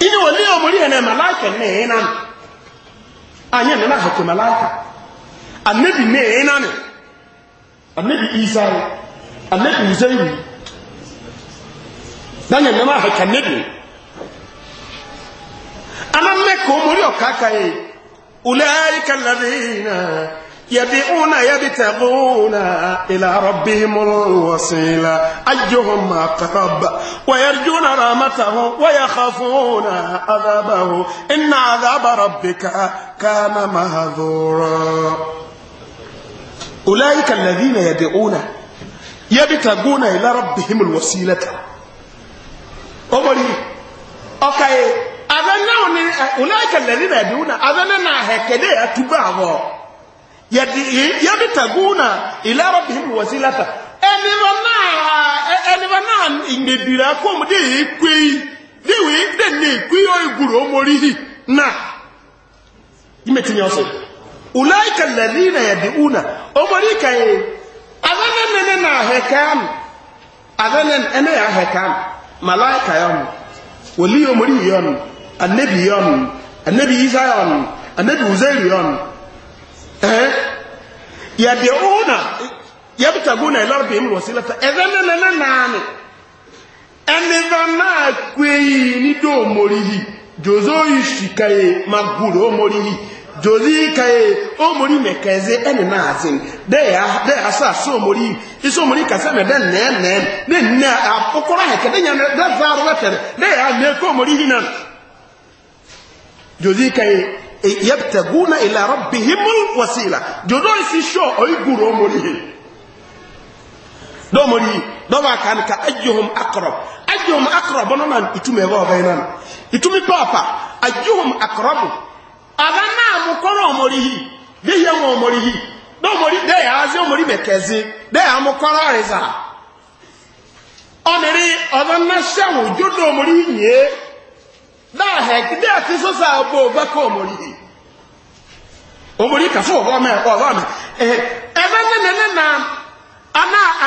ini wali ya muri yana malaika ne yana anya ne na hakki malaika annabi ne yana ne annabi isa ne annabi uzairu dan ne na hakki annabi anan ne يبيعون يبتغون إلى ربهم الوسيلة أيهم أقرب ويرجون رامته ويخافون عذابه إن عذاب ربك كان مهذورا أولئك الذين يدعون يبتغون إلى ربهم الوسيلة أولي أوكي أذنوني أولئك الذين يدعون أذننا هكذا تبعوا yabitaguna ila rabbihim wasilata ẹni wọn náà ẹni wọn náà ìgbèdìrà kọ́mu dé ìkúi díwì dé ní ìkúi ó ìgùrò mórí hì náà ìmẹ̀tìmí ọ̀sẹ̀ ulaika lalina yadiuna omori na hekan azanen ya hekan malaika yon wali omori yon annabi yon annabi isa yon annabi uzair Eh? yad'una yabtaguna ila rabbihim wasilata ezana nana nani enizana kweyi ni do morihi jozo ishikaye maguru omorihi jozi kaye omori mekeze ene na azin de ya de asa so omori iso omori kase me de ne ne ne ne apokora he kede nya de zaro wetere de ya ne ko omori hinan jozi kaye yabtaguna ila rabbihimul wasila jodo isi sho oy guro mori do mori do ba kan ka ajjuhum aqrab ajjuhum aqrab no man itume go ga nan itumi papa ajjuhum aqrab ala na mu koro mori hi de ye mo mori hi do mori de ya ze mori mekezi de ya mu koro reza onere odanna shawo jodo mori nye náà hẹ̀kí dẹ́ àti sọ́sà ọgbọ́ ọgbẹ́ kọ́ ọmọrí yìí ọmọrí kàfọ́ ọgbọ́ ọmọ ẹ̀kọ́ ọgbọ́ ọmọ ẹ̀fẹ́ nínú nínú aná a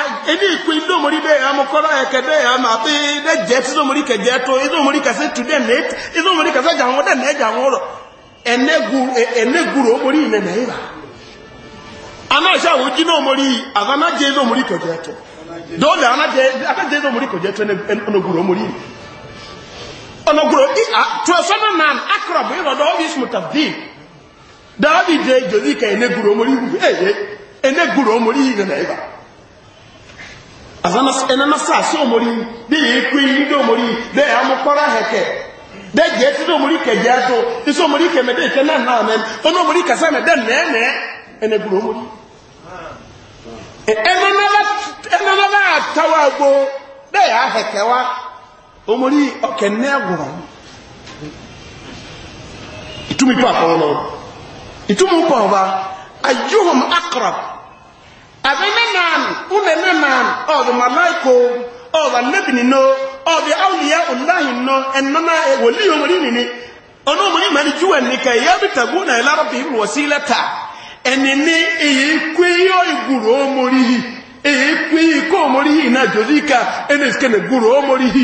ìkú ilé ọmọrí bẹ́ẹ̀ yà mọ́ kọ́lá ẹ̀kẹ́ bẹ́ẹ̀ na mọ́ àti ilé jẹ́ tí ọmọrí kẹjẹ tó na e e, na ọmọkùnrin tó ẹ̀sọ́ náà nà ákùrọ̀bù ìrọ̀dọ̀ ọ́bí smutavdí dáàbì dé jòdì ka eneguru omori ihu eye eneguru omori ihu na ịba ẹnanasa asị omori dị ya ekwe ihe dị omori dị aheke dị ya esi dị omori keje isi omori kemede ike na amen onye omori kasa mede nne ene omori ya ahekewa omori ọkẹ̀nẹ́ agwọ̀rọ̀ ìtumì pọ̀ àkọwọ́lọ́ ìtumì pọ̀ ọba ayúhùn akọ̀rọ̀ àbẹ́nẹ́nàn unẹ̀nẹ́nàn ọ̀dọ̀ màláìkò ọ̀dọ̀ lẹ́bìnínó ọ̀dọ̀ áwùlìyà ọ̀láhìnó ẹ̀nọ́nà e wòlíì omori nìní ọ̀nà omori mẹ́rin júwẹ̀ nìkẹ́ ìyá bí tàbí ọ̀nà ẹ̀lárọ̀ bí wọ̀ èyí kú yọ omori yìí èyí kú omori yìí náà omori yìí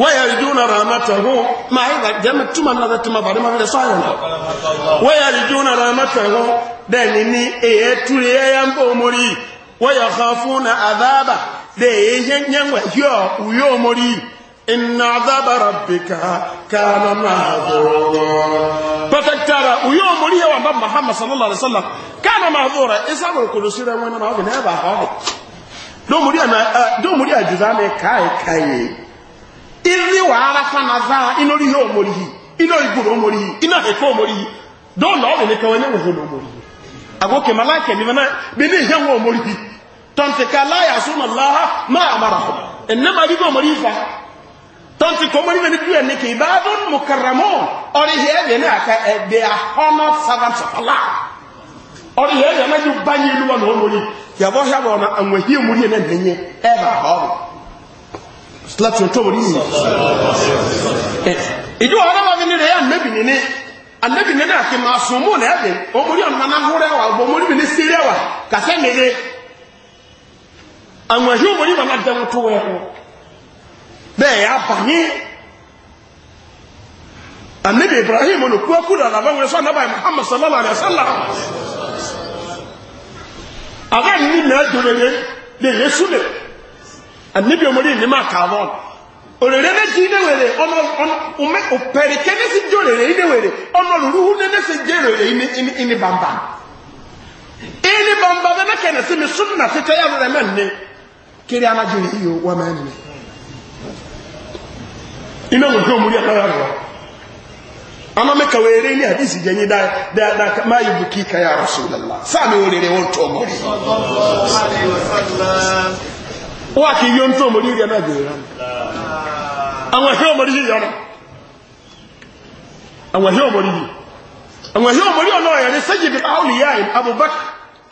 ويرجون رحمته ما هذا جمع تما نذا تما بعد ما في سؤال ويرجون رحمته دنيني ايه تولي يامبو موري ويخافون عذابه ده ينيان ويو ويو موري ان عذاب ربك كان معذورا فتكترى ويو موري وان محمد صلى الله عليه وسلم كان معذورا اسامه كل سيره وين ما هو نبا هو دو موري انا دو موري اجزامي كاي كاي ili wa arafa na zaa ino rihe omori hi ino iguro omori hi ino heko omori hi do na o ne kawo nyen ho omori hi ago ke malaika ni bana be ne he ho omori hi tonte ka ma amara enne ma bigo omori fa tonte ko ibadun mukarramun ori he be na a honored servants of allah ori banyi luwa no omori ya na anwe hi omori ne nenye e láti ọjọ́ orí yìí ìjọ ọ̀rọ̀ wa nínú rẹ̀ yà nẹ́bì nínú anẹ́bì nínú àti máa sùn mú lẹ́ẹ̀dẹ̀ omori ọ̀nà náhúrẹ́ wa ọgbọ̀n omori mi ní sílẹ̀ wa kàfẹ́ mi ní àwọn ẹ̀ṣẹ́ omori màmá dẹ̀wọ̀n tó wẹ̀ ẹ̀kọ́ bẹ́ẹ̀ yà bà ní anẹ́bì ibrahim olùkú ẹkú lọ làbẹ́ wọn sọ anábàá muhammad sallallahu alayhi wa sallam àwọn ní mẹ́ẹ̀dọ̀rẹ̀ ní lè yẹ súnlẹ̀ anabi omori ni ma kaavon orere ne ti idewere ọnọ ọnọ ume opere kene si di orere idewere ọnọ ruruhu ne ne se di orere ini ini ini bambam ini bambam ne kene si mi sun na tete ya rere me nne kiri anaju ni iyo wa me nne ina wo do omori akara ro ama me kawere ni hadisi jenyi da da da ma yubuki ka ya rasulullah sa mi orere won to omori sallallahu wọ́n kì í yọ tó mọ̀rí rí ẹ̀nà ìgbèrè àwọn ẹ̀hẹ́ ọmọrí yìí yọ́nà àwọn ẹ̀hẹ́ ọmọrí yìí àwọn ẹ̀hẹ́ ọmọrí ọ̀nà ẹ̀rẹ́ sẹ́yìn àwòlìyà abubak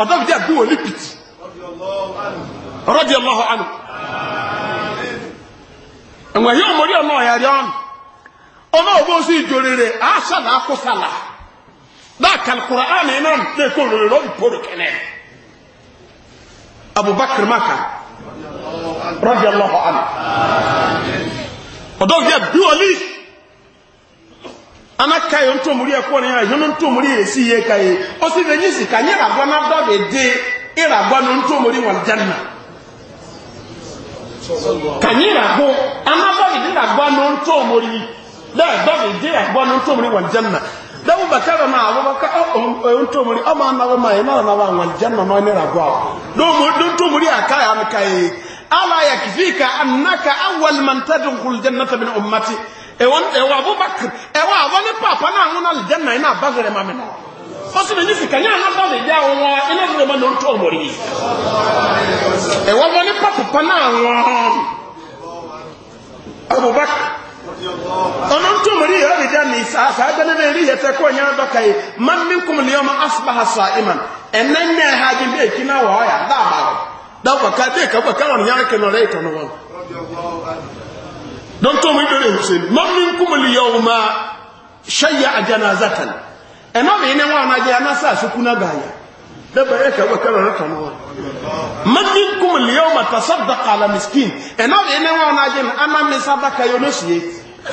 ọ̀dọ́gbẹ̀dẹ́ àbúwò lípìtì rọ́dí ọlọ́họ̀ ánù àwọn ẹ̀hẹ́ ọmọrí ọ̀nà ẹ̀rẹ́ ọ̀nà ọ̀nà ọ̀bọ̀ sí ìjòrè rẹ̀ àṣàlà àkọsàlà láàkàlùkùrà ánì náà lè kó rẹ̀ rọ́dí maka rọ́bì ọlọ́họ̀ àmì ọ̀dọ́ yẹ bí ka ní anakayo ntomori ẹ̀kọ́ ni ẹ̀yọ́ ntomori èsì yẹ káyé ọsì bẹ yín sìkà ní ìràgbọ́ náà dọ́bẹ̀ dé ka ní ntomori wọn jẹ́nà kàní ìràgbọ́ anábọ́bẹ̀ dé ìràgbọ́ ní ntomori dọ́bẹ̀ dé ìràgbọ́ ní ntomori wọn jẹ́nà dẹ́wù bàkàrà náà àwọ̀bọ̀ká ọ̀hún tómori ala yakfika annaka awwal man tadkhul jannata min ummati e won e wa abubakar e wa awon ni papa na hun al janna ina bagare ma mena o si ni fika nya na bale ja won wa ina zure ma don to mori e wa won ni papa na hun abubakar onon to mori yo bi dan ni sa sa da ne ri ya ta ko nya ba kai man minkum al yawma asbaha sa'iman enan ne hajin be kina wa ya da dápà ká dé ìkàpà káwọn ìyá kí lọ rẹ ìkànnà wọn don tó mú ìdórí hussein mọ́mí kúmùlì yọ ọmọ ṣẹ́yà àjànà zatan ẹ̀nà mi ní wọn àjẹ́ anásà ṣukú náà gàyà dápà rẹ ìkàpà káwọn rẹ ìkànnà wọn mọ́mí kúmùlì yọ ọmọ tasọ́dà kàlà miskin ẹ̀nà mi ní no àjẹ́ anamisa dákà yọ lọ́sìyẹ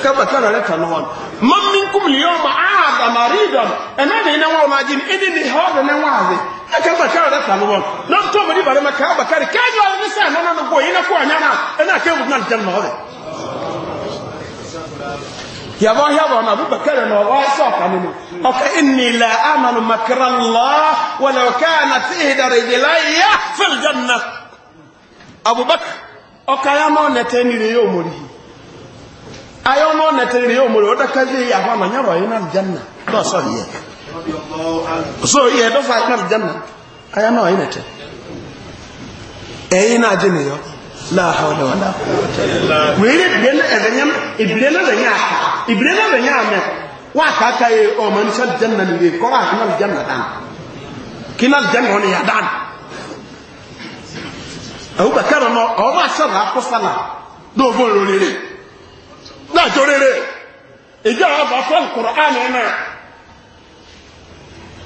kaba kana leta nohon man minkum liyoma aada maridan enani ne wa majin idini hoda ne wazi aka bakara da tanu won non to mari bare maka bakari ka jo ni sa na na go ina ko anyana ina ke bu na janna ore ya ba ya ba na bu bakara na wa so kanu o ka inni la amanu so yɛ dɔ fa kan jama aya na ɔyi na tɛ ɛyi na adi ne yɔ la hawla wa la quwwata wele bile eh. oh, oh, eh, na ɛbɛ nyam ibile na bɛ nya aka ibile na bɛ nya amɛ wa aka aka ye ɔ ma nisɔn jama ni ye kɔba akina jama dan kina jama wɔn ya dan awo baka nɔ ɔba sɛlɛ akɔsala dɔw b'o lori re n'a jɔ re ìjọba bá fɔ àná náà.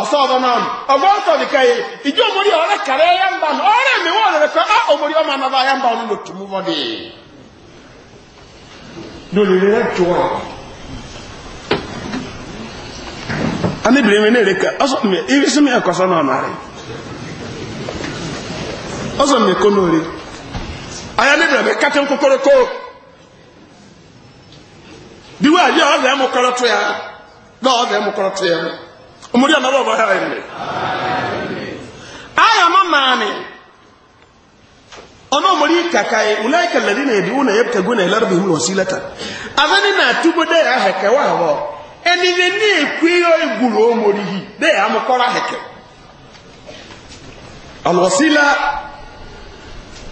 ọsọdọ náà nù ọgbọn ọtọ nìkan yìí ìjọ omori ọrẹ kàrẹ ẹyà ń bá nù ọrẹ mi wọn rẹ pé ah omori ọmọ anaba ẹyà ń bá ọnu lò tùmú bọdì lórí rẹ jọ ọ. anibiri mi n'ere ka ọsọ mi irisi mi ẹkọsọ náà nàárẹ ọsọ mi kọ n'ori ayé anibiri mi kàtí nkokoroko diwa yẹ ọrẹ mu kọrọtọ ya náà ọrẹ mu kọrọtọ ya omuli amaba oba haine aya mamaani ono omuli kakaye ulaika alladhina yad'una yabtaguna ila rabbihim alwasilata azani na tubo de ya heke wabo eni de ni ekwiyo egulu omuli hi de ya mukora heke alwasila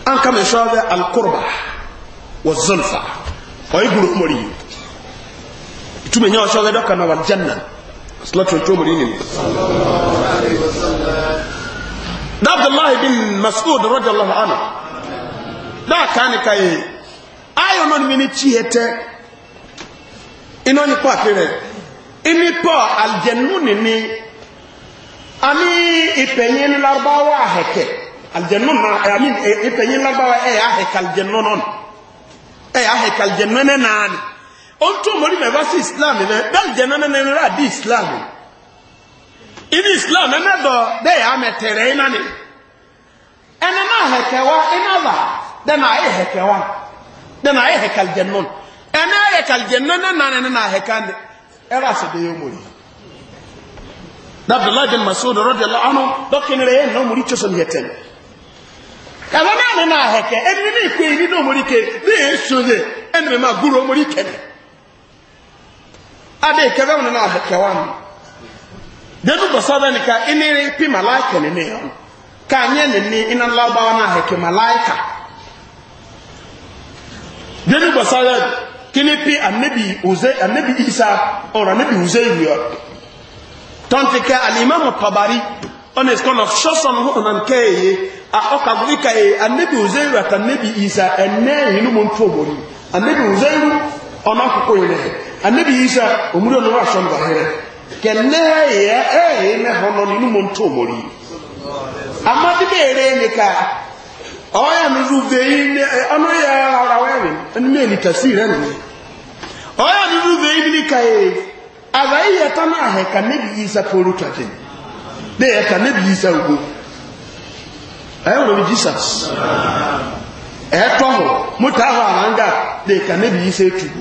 an kama shabe alqurba wazulfa oyigulu omuli hi tumenya washoge dokana waljanna slatron tó mọ̀rí nìyí. da abdullahi bin mas'ud radiyallahu anhu da kani kaye ayo non mini chihete ino ni kwa kire imi po aljannuni ni ani ipenyin larbawa heke aljannun na ani ipenyin larbawa e ahekal jannunon e ahekal jannunenani ó ń tó mọ́rí mẹ́fà sí islam náà bẹ́ẹ̀ jẹ́ náà nínú rà bí islam ibi islam ẹ̀ náà dọ̀ bẹ́ẹ̀ yà á mẹ́tẹ̀rẹ̀ ẹ̀ náà ni ẹ̀nà náà hẹ̀kẹ̀ wá iná bà dẹ́nà ayé hẹ̀kẹ̀ wá dẹ́nà ayé hẹ̀kẹ̀ alìjẹ̀nà ẹ̀nà ayé hẹ̀kẹ̀ alìjẹ̀nà náà nínú náà hẹ̀kẹ̀ ni ẹ̀rọ àṣẹdẹ̀ yóò mọ̀rí abdullahi bin masoud rọ́jọ̀lá ọ̀nà dọ́kìnrin yẹn náà mọ̀rí tọ́sọ̀ yẹtẹ̀ kàwọn náà nínú ahẹ̀kẹ̀ ẹni nínú ìpè yìí nínú mọ̀rí kẹ ní èso yẹ ẹni mẹ́ma gúrò mọ̀rí kẹ̀lẹ̀ ade kɛbɛ wɔn na ahɛkɛwa no dedu bɔsɔ ni nika ɛnere pi malaika ne ne yɛn ka nyɛ ne ne ɛna labawa na ahɛkɛ malaika dedu bɔsɔ bɛ kini pi anabi oze anabi isa ɔrɔ anabi oze wia tɔnti kɛ alimami pabari ɔna sikɔnɔ sɔsɔn ho ɔnan kɛɛ ye a ɔka wuli ka ye anabi oze wia ta anabi isa ɛnɛ yinu mu ntɔ wɔli anabi oze wia ɔna koko yi ne. anabi isa omuri ono wa shon bahira kenne ya eh ne hono ni numo nto omuri amadi bere ni ka oya mi zu ve ni ono e, ya ara we ni ni me ni tafsir ni oya mi zu ve ni ka e azai ya tana he ka nabi isa poru tatin de ya ka nabi isa ugo ayo e, ni jesus eh to mo mutawa anga de ka nabi isa tugu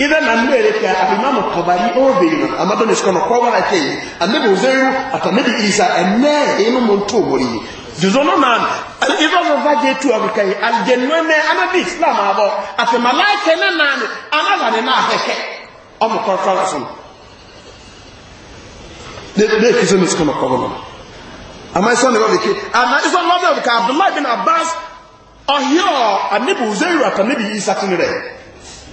إذا نمرك الإمام الطبري أو بينا أما دون يسكن قوة أكي النبي زيرو أتنبي إيسا أنا إنو منتوبري جزونا نان إذا زفاجي تو أبكي الجنوين أنا دي إسلام أبو أتملايك نان أنا لنا هكي أم قرقر أسن ليه كيسون يسكن قوة أما إسان يقول أما إسان الله يقول عبد الله بن عباس أهيو النبي زيرو أتنبي إيسا تنري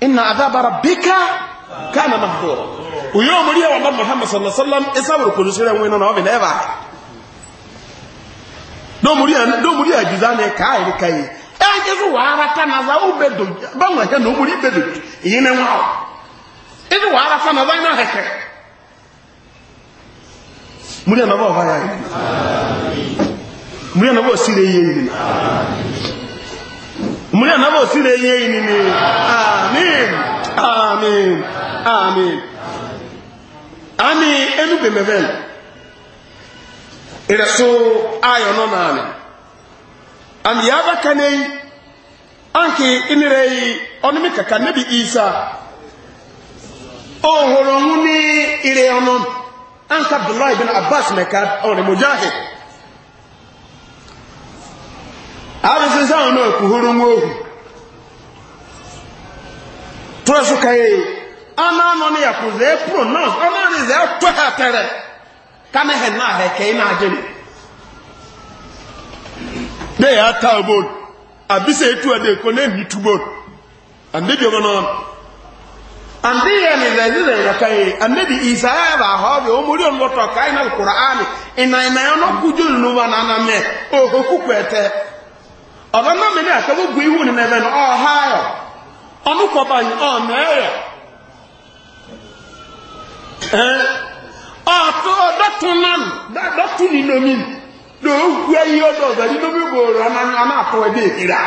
inna azaba rabbika kana mahdura uyo muri ya wanda muhammad sallallahu alaihi wasallam isabur ko sura wena na obin eva do muri ya do muri ya jizane kai ri kai e jesu wara kana za ubedo ba ma ya no muri bedo yine wa e jesu wara kana za na heke muri na ba ba ya amin muri na ba sire yin amin muri anabo sire yeyi nini amin amin amin ami enu bemevel ira so ayo no nani am yaba kanei anki yi onimi kaka nabi isa hụrụ nguni ire ọnụ anka abdullah ibn abbas meka on mujahid abịsịsị ahụ na okuhuru nwa ohu tụrọsụ ka ya anụ anọ na ya kwụzị epụrụ nọọsụ ọnụ anụ zị atụ na e eke ị na-ajụ m ya ata abịsị etu na-ehi andịbi ọbụ n'ọnụ ya ya isa ya ha bi o muri on boto kai na qur'ani na ọ̀nà náà na ní àṣẹ ọhaa ihu ni ọnụ ní ọ̀ha ẹ̀ ọ̀nùkọ̀ọ̀bà ní ọ̀nà ẹ̀ na ọ̀dọ́tún náà dọ́tún ní nomi ní òwú ẹyí ọdọ ọ̀dọ̀ ní ebe ekiri a. ẹ̀dẹ́ ìkìlá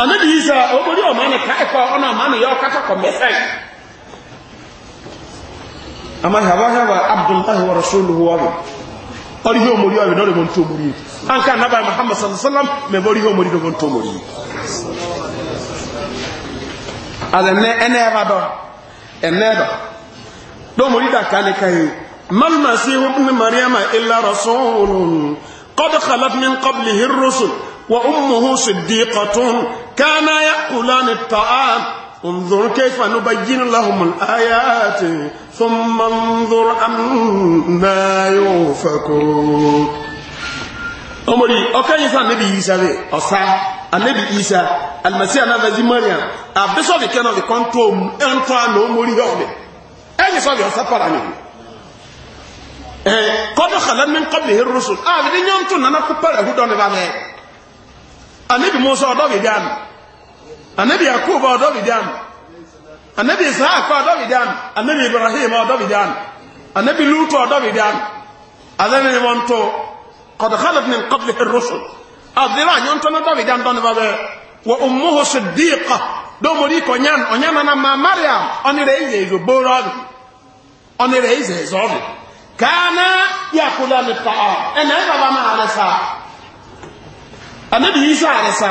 ọ̀nà ní ìṣe ọmọdé ọ̀mọ ní káẹ̀kọ́ ọ̀nà ọ̀mọ ní abdullahi wa ọ̀rìhí omori ọ̀rìn lọ́rẹ̀ wọn tó omori an ká nábà muhammad sallallahu mẹ́bọ̀ ọ̀rìhí omori lọ́rẹ̀ wọn tó omori alẹ́nẹ́ ẹnẹ́ ẹ̀bá dọ́ ẹnẹ́ ẹ̀bá lọ́mọrí dàkà ní káyé malma sí ní mariama ilá rasulun kọ́dọ̀ khalaf min qabli hirrusul انظر كيف نبين لهم الآيات ثم انظر أنا يوفكون أمري أكا يسا النبي إيسا أصا النبي إيسا المسيح نفذي مريم أبسو في كنا في كنتم أنتوا نوموري يومي أين يسا في أصا فرانيه قد خلت من قبله الرسل آه بدي نيوم تنانا كبار أهدون بابه النبي موسى أدوه بيامي anabi yakubu ọdọ bidan anabi isaac ọdọ bidan anabi ibrahim ọdọ bidan anabi lutu ọdọ bidan adana ni wọn tó kọdọkọdọt ni nkọdọ hirusu adira anyi ntọ n'ọdọ bidan dọ nipa bẹ wọ ọmọhu sidiqa domori kọnyan ọnyan na ma mariam ọni rẹ ize ezo gbóòrò ọdọ ọni rẹ ize ezo ọdọ kaana yakula ni taa ẹnna ẹ bàbá ma arẹ sa anabi isa arẹ sa.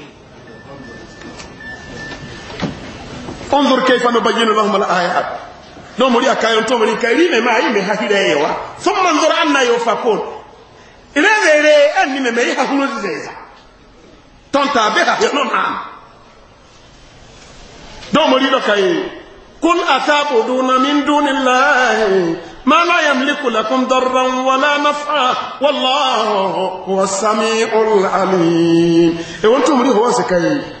انظر كيف نبين لهم الآيات نومري أكايون تومري كريم ما يمي هكذا يوا ثم انظر عنا يوفقون إلى ذي أني ممي هكذا زيزا تنتا بها ينوم عام نومري لكي قل أتابدون من دون الله ما لا يملك لكم ضرا ولا نفعا والله هو السميع العليم إيه وانتم هو سكيه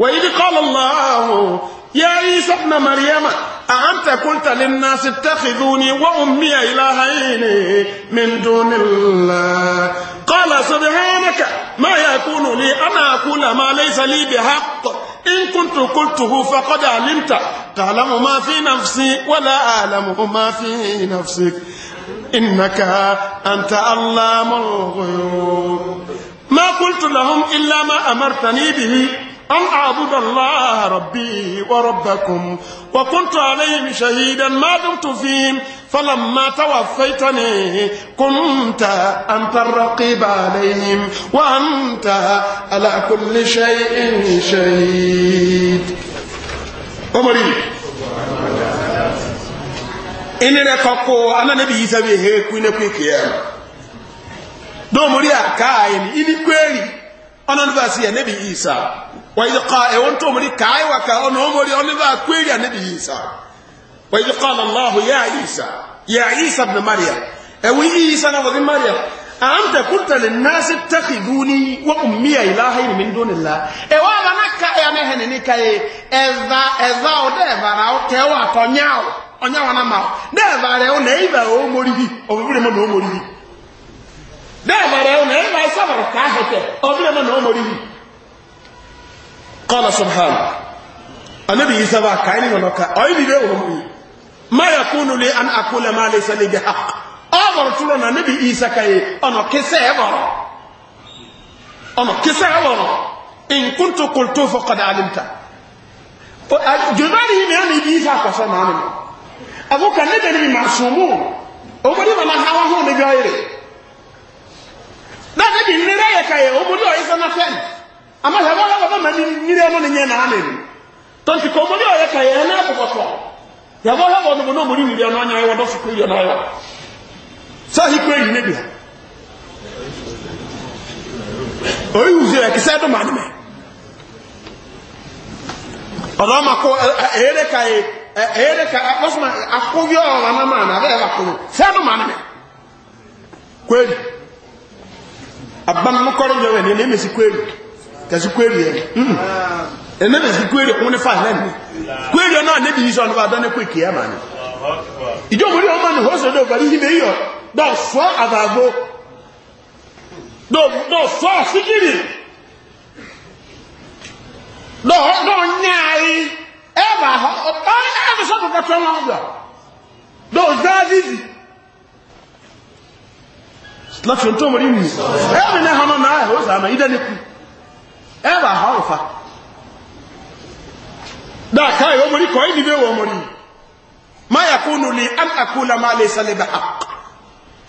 وإذ قال الله يا عيسى ابن مريم أأنت قلت للناس اتخذوني وأمي إلهين من دون الله قال سبحانك ما يكون لي أن أقول ما ليس لي بحق إن كنت قلته فقد علمت تعلم ما في نفسي ولا أعلم ما في نفسك إنك أنت علام الغيوب ما قلت لهم إلا ما أمرتني به أن أعبد الله ربي وربكم وكنت عليهم شهيدا ما دمت فيهم فلما توفيتني كنت أنت الرقيب عليهم وأنت على كل شيء شهيد أمري إني لكوكو أنا نبي يسابي هيكو نكوي كيام دومري أكاين إني كويري أنا نبي يسابي هيكو وإذ أنتم إيوان تومري كاي وكا أنهمري أنبا كويريا نبي عيسى وإذ قال الله يا عيسى يا عيسى ابن مريم أوي عيسى ابن مريم أأنت قلت للناس اتخذوني وأمي إلهين من دون الله إيوان أنا كاي أنا هنني كاي إذا إذا ودفع راو تيوا تنياو أنياو أنا ما، دفع راو نيفا أموري أو بيبري من أموري دفع راو نيفا سفر كاهتة أو بيبري من أموري قال سبحانه النبي يسبع كاين ونكا أين يدعوهم ما يكون لي أن أقول ما ليس لي بحق أمر تلون النبي إيسا كاي أنا كسي أمر أنا كسي أمر إن كنت قلت فقد علمت جبالي من أن إيسا كسي أمر أبوك النبي معصومون أمري ما نحاوه نجايري لا نبي نرأيك يا أمري وإيسا نفهم amaghị agba agba ma nyiri ọnụ na nye na amị tonti ka omori ọya ka ya na abụbọ sọ ya bụ ọhịa bụ ọdụmụ na omori mmiri ọnụ anya ya na sụkwa Sahi n'ọya sọ ha ikwe Oyi ya kisa dụm anụmị ka ya ka na ma na ya akwụghị sịa dụm ya wee kweli kẹsí kwéèrè ẹ̀ ẹ̀mí kẹsí kwéèrè kún ní fàìlẹ́ ní kwéèrè náà níbi yíṣọ́ ní fàdán ní pé kìí ẹ̀mà ni ìjọ òmùrí ọmọ ní hóṣẹ́ dọ̀ pẹ̀lú ibẹ̀ yíyọ dọ̀ sọ àbàgbó dọ̀ sọ síkìrì dọ̀ nyàáyí ẹ̀bà ọ̀pá ẹ̀bà sọ́dọ̀ kẹtọ́ wọn gbà dọ̀ záàdìdì láti ọ̀tọ́ mọ̀rí mi ẹ̀mì náà hàn náà ẹ̀họ́ sàmà ẹ̀rà àhọ́rùfà dáàká ìwọ́n mọ̀rí kọ̀ ìdíbé wọ́n mọ̀rí ma yà an àkúlà ma lè sọ lébà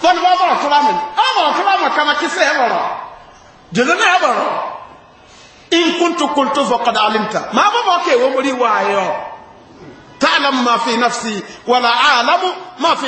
fọ́nà bá bọ̀rọ̀ fúnra mi ọ̀bọ̀rọ̀ fúnra mi kama kí sẹ́ náà kuntu ma bọ̀ bọ̀ kẹ́ ìwọ́n Ta wáyọ̀ mafi ma fi nafsi wàlà àlamu ma fi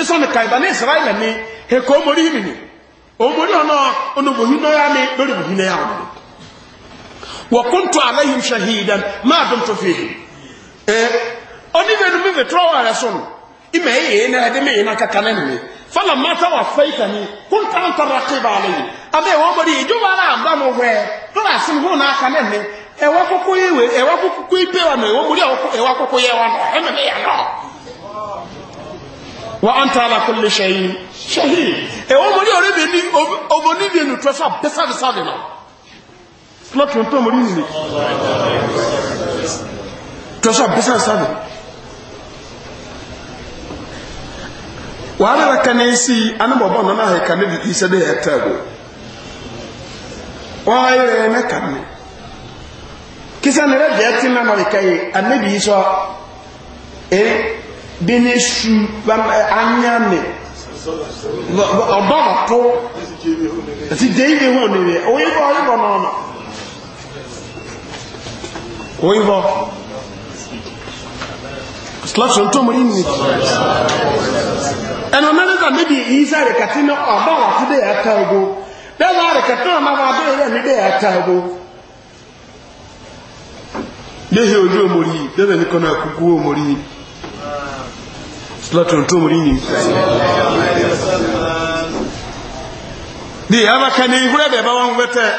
isɔn kaiba ne israel ni heko omori yi ni omori ɔnɔ onobohi nɔya ni lori bohi nɔya ɔnɔ wɔ kuntu alayhim shahidan maa dum to fi ɛ e, ɔni bɛ numu bɛ tɔrɔ wɛrɛ sɔn ima ye yena ɛdi mi yena kaka ne nimi fala mata wa fayi ka ni kuntu an ta raki ba alayhim abe wɔn bori yi juba ala agba no wɛ lori asin hu na aka ne nimi ɛwɔ koko yi we ɛwɔ koko pe wa mi wɔn bori ɛwɔ koko yɛ wa wa anta ala kulli shay'in shahid e ọrịa mo ni ore be ni o mo ni de nu to sa be sa be sa de na lo tun to mo ni ni to sa be sa sa de wa ara kanesi an bo bo bene su eh, anyame ɔdɔn to ati dei ne ho ne yɛ oyibɔ oyibɔ n'ɔno oyibɔ silasi ntomo yi ni ɛnna mɛlɛ ta ne bi yisa rekati ne ɔdɔn ɔfi ego bɛɛ b'a na ma ba do yɛ ne de yɛ ata ego ne yɛ ojú omori yi bɛɛ bɛ ne kɔnɔ omori yi. slatun tó múrí ní di abaka ni ihura bẹ bá wọn wẹtẹ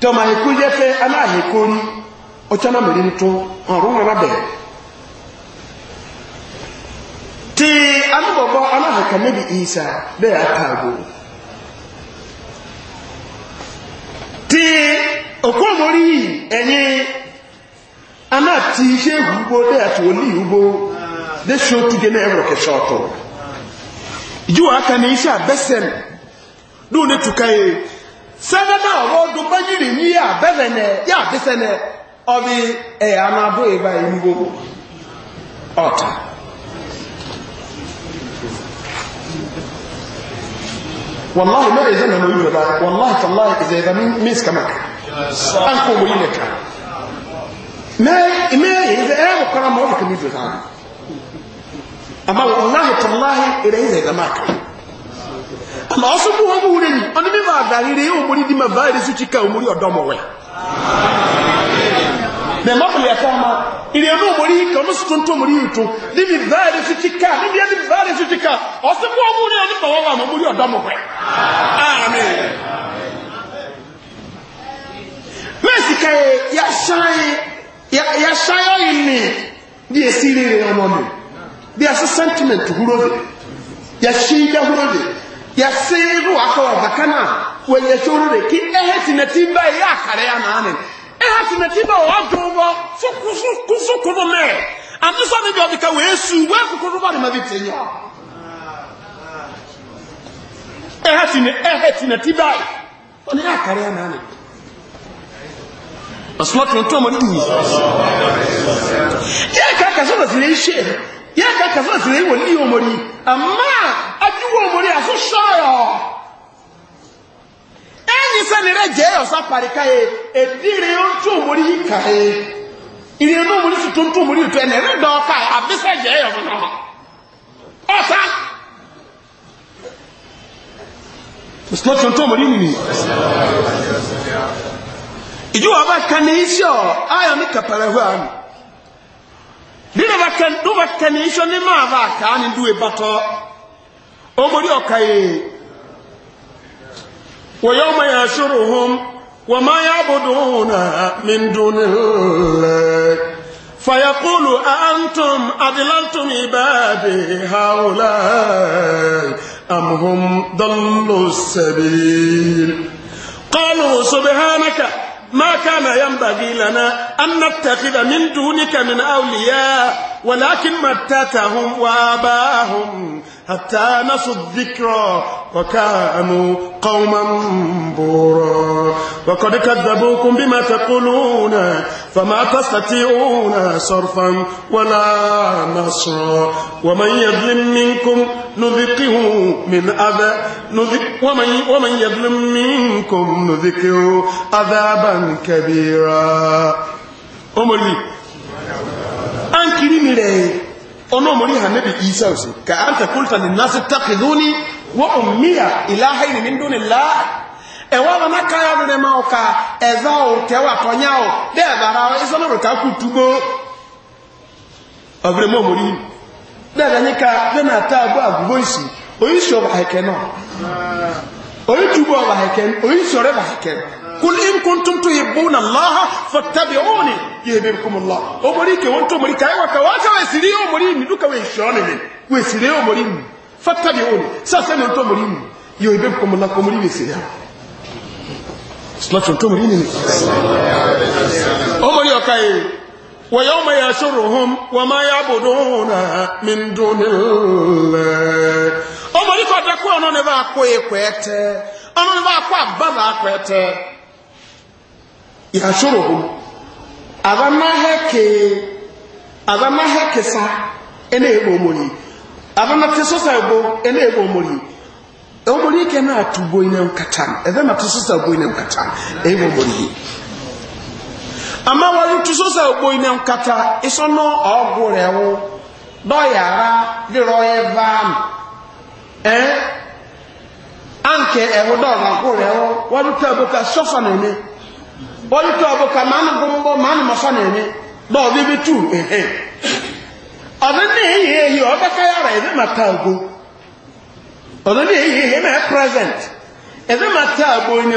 tọmọ àhìkú yẹ fẹ aná àhìkú ní ọjọ́ náà mẹ́rin tó ọ̀rún wọn ana ti ihe egwu ugbo dị atụ oli ugbo dị shi otu gị na-enwere kecha ọtụ jiwa aka na ihe abesen dụ na-etuka ya a náà wọ́n dún bẹ́yìnrì ní àbẹ́rẹ̀nẹ̀ yà bísẹ́nẹ̀ ọbí ẹ̀yà anábó ìbá ìlú ọ̀tà wọ́nláhùn mẹ́rin ìzẹ́nà ní ìjọba wọ́nláhùn tàláhùn ìzẹ́ ìzẹ́ mískàmà mẹ́rin ẹ̀ ẹ̀ kọ́ra mọ́ ọ̀fọ̀ kìíní dùn náà àmà wàláhì tàláhì èrè ìzẹ̀ ìzẹ̀ máa kàá àmà ọ̀sọ́ bú wọn wúre ni ọdún mímọ̀ àdáyé rẹ̀ yóò mórí dìímọ̀ báyìí rẹ̀ sùn kíkà òmórí ọ̀dọ́ mọ̀ wẹ̀. bẹ́ẹ̀ mọ́ kùlẹ̀ ẹ̀fọ́ ọmọ ìrìn ẹ̀mú òmórí kà ọdún sùn tó mórí yìí tó níbi báyìí rẹ̀ sùn kíkà níbi ẹni báyìí rẹ̀ sùn kíkà ọ̀sọ́ bú wọn wúre ọdún mọ̀ wọ́n mórí ọ̀dọ́ mọ̀ wẹ̀. mẹ́sì káyé yà ṣáyé yɛhyɛyɛ yi ne deɛ ɛsi rere ɔmɔ no deɛ ɛsɛ sentiment huro de yɛhye yɛ huro de yɛse no wakɔ ɔbaka no a wɔyɛhwɛ huro de ki ɛhɛ ti nati ba yɛ akare yɛ anaane ɛhɛ ti nati ba wɔadwo wɔ so kuso kono mɛ ame sɔ ne deɛ ɔde ka wɔyɛ su wɔyɛ koko no ba de ma bi te nyɛ ɛhɛ ti nati ba yɛ ɔne yɛ akare yɛ anaane ọ̀sùlọ́tún tó mọ̀ nínú yẹ́ kàkà sọ́rọ̀ sí lè ṣe yẹ́ kàkà sọ́rọ̀ sí lè wò ní omori àmá ajúwò omori àṣọ sọ́rọ̀ ẹni sẹ́ni rẹ̀ jẹ́ ọ̀sá pàríkà yẹ èdìrẹ́ ó tó omori yìí kà yẹ ìrìn ẹ̀mọ́ omori sì tó tó omori ìtọ́ ẹ̀nà ẹ̀rẹ́ dọ́ọ̀ka àbísẹ́ jẹ́ ọ̀sán ọ̀sá ọ̀sùlọ́tún tó omori nìyí ijuwa bakaniisho ayo nikapalehu anu lile bakaniisho ni maava kaani nduwe bato omuli okaye wayauma yashuruhum wama yabuduna min dunillah فيقول أأنتم أضللتم عبادي هؤلاء أم هم ضلوا السبيل قالوا سبحانك ما كان ينبغي لنا أن نتخذ من دونك من أولياء ولكن متتهم وآباهم حتى نسوا الذكرى وكانوا قوما بورا وقد كذبوكم بما تقولون فما تستطيعون صرفا ولا نصرا ومن يظلم منكم نذقه من أذى ومن, ومن يظلم منكم نذقه عذابا كبيرا أمري أنكري مليه ọ̀nà mọ̀ríhà níbi isa òsì ka an e e e ta kúlta ní nasi takiduni wọ́n mọ̀míyà ìláhàí ní dúnni láà ẹ̀wọ́ ọmọ náà káyọ̀ rẹ̀ máa ọ̀ka ẹ̀zá ò tẹ́wà tọ́nyá ò bẹ́ẹ̀ bára iṣẹ́ náà rọ̀ká kú túgbó ọ̀bẹ̀rẹ̀ mọ̀ mọ̀rí bẹ́ẹ̀ ní bẹ́ẹ̀ náà tá àgbọ̀ àgbúgbó ìsì oyíṣọ́ bà hẹ̀kẹ́ náà oyíjúbọ̀ bà hẹ̀kẹ́ oyíṣọ́ rẹ̀ bà hẹ̀kẹ́ náà kul in kuntum tuhibbuna allaha fattabi'uni yuhibbukum allah o mori ke won to mori kai wa ka wa ka wesiri o mori mi duka we shone ni wesiri o mori mi fattabi'uni sa se non to mori mi yuhibbukum allah ko mori wesiri slat on to mori ni o mori o kai e, wa yawma yashuruhum wa ma ya'buduna min dunillah o mori ko da ko ono ne ba ko e kwete ono ne ba ko abana kwete yahashuruhum abamaheke abamahekesa enebo omuli abamatesosa ebo enebo omuli omuli kena atubo ina nkatan ebe matesosa ebo ina nkatan ebo omuli ama wali tusosa ebo ina nkata isono ogurewo doyara liroyevam eh anke ewo dọba gurewo wadu sofa nene bọ́yìí tó ka máa ń gbọmọgbọ máa ń mọ̀sán bí bí tù ẹ̀hẹ́ ọ̀dọ́ ní èyí èyí ọbẹ̀ káyà rẹ̀ ẹ̀dẹ́ máa ta ògo ọ̀dọ́ present ẹ̀dẹ́ ma ta ògo ní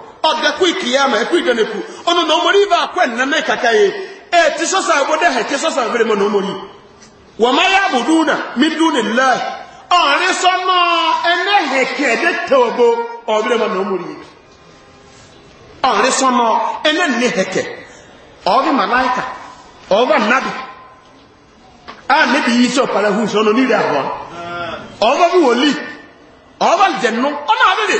ọdẹ kú ìkìyàmà ẹkú ìdánekù ọdún na ọmọrí bá kọ ẹnìyàn náà kàkà yìí ẹ ti sọsà ìbọdẹ ẹkẹ sọsà ìbẹrẹ mọ na ọmọrí wọn máa yá àbùdú nà mí dún ní lẹ ọrin sọmọ ẹnẹ ẹkẹ ẹdẹ tẹwọgbó ọbẹrẹ mọ na ọmọrí ọrin sọmọ ẹnẹ ní ẹkẹ ọbẹ màláìkà ọbẹ nàbì a níbi yìí sọ parahu sọnù nílẹ àwọn ọbẹ bí wòlíì ọbẹ jẹnu ọmọ àbẹrẹ.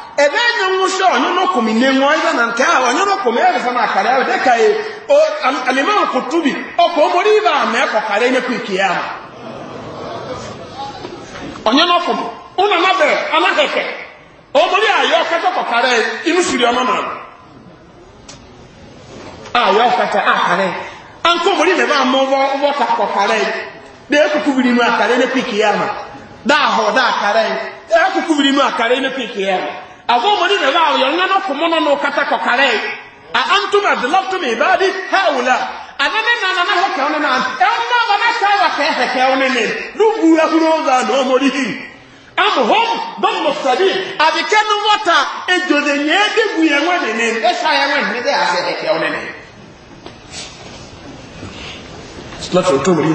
ebe enye nwụsị ọnyụnọkụmi na-enwe ọyịza na nke ahụ ọnyụnọkụmi eresa na akara ahụ dịka e alimam kutubi ọkụ omori ibe ama na-ekọkara enyekwa ike ya ma ọnyụnọkụmi ụnọ nabere anaghịkọ omori ayọ ọkata kọkara e, inú siri ọma ma ayọ ọkata akara e. anke omori na ebe ama ụgbọ ụgbọ ka kọkara na-ekukubiri e. inú akara enyekwa ike ya ma daa ahụ daa akara ekwukubiri inú akara enyekwa ike ya ma أظن إن الله يرننا فمنا نوكتا كوكالي أأنتم أدللتم عبادي هؤلاء أنا أنا أنا أنا هكا أنا أنا أنا أنا كاوا كاوا كاوا أنا أنا نبوا يقولوا ذا نومريهم أم هم بل مفتدين أبي كانوا موتا إجودين يدبوا يوانين إيشا يوانين إذا أسيح كاوا أنا أنا láti ọ̀tọ́ mọ̀rí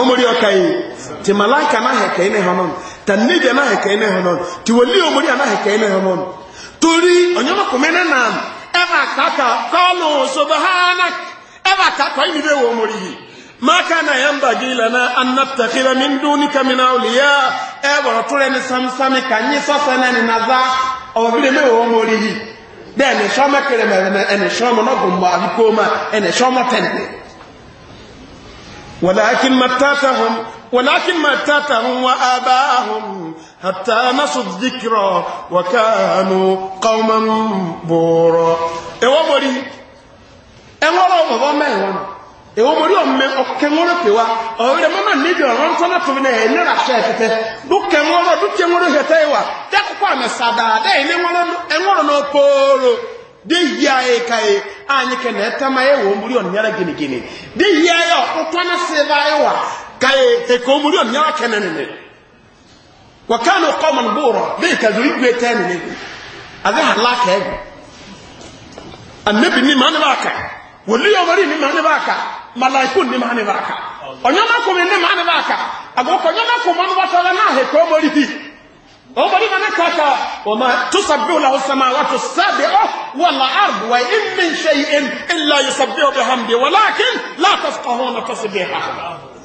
ọmọrí ọkà yìí tí màláìkà náà hẹ̀kẹ̀ ní ọmọ tàníbi anáhẹ̀kẹ́ iná ẹ̀họ́ náà tí wọ́n lé omori anáhẹ̀kẹ́ iná ẹ̀họ́ náà torí ọ̀nyọ́mọkùnrin náà nà ẹ̀fà kàkà kọ́ọ̀lù ṣọ̀bọ̀hánà ẹ̀fà kàkà yìí níbẹ̀ wọ omori yìí máka náà yẹn bàgé ìlànà anaptakira mi ń dún ní kamina olùyà ẹ wọ̀rọ̀ tó rẹ ní sámsámi kà ń yí náà ní nàzá ọ̀bìnrin omori yìí bẹ́ẹ̀ ní sọ́mọ kẹrẹ mẹ́rin ẹni sọ́mọ náà gùn mọ́ àbíkó ma ولكن متتهم وآباهم حتى نسوا الذكر وكانوا قوما بورا ewo mori enworo na enira shete du kenworo du kenworo shete wa te kwa me sada de ni nworo enworo no poro de yia e kai anyi ke na etama e wo mori onyara gini gini na kaye eko muri o nyara kenene ne wa kanu qawman bura be ka zuri gwe tani ne aga halaka e annabi ni mane baka wali yomari ni mane baka malaikun ni mane baka onyama ko ni mane baka ago ko nyama ko manu batala na he ko mori hi o mori mane kaka wa ma tusabbihu lahu samawati as-sab'u wal ard wa in min shay'in illa yusabbihu bihamdi walakin la tafqahuna tasbihahu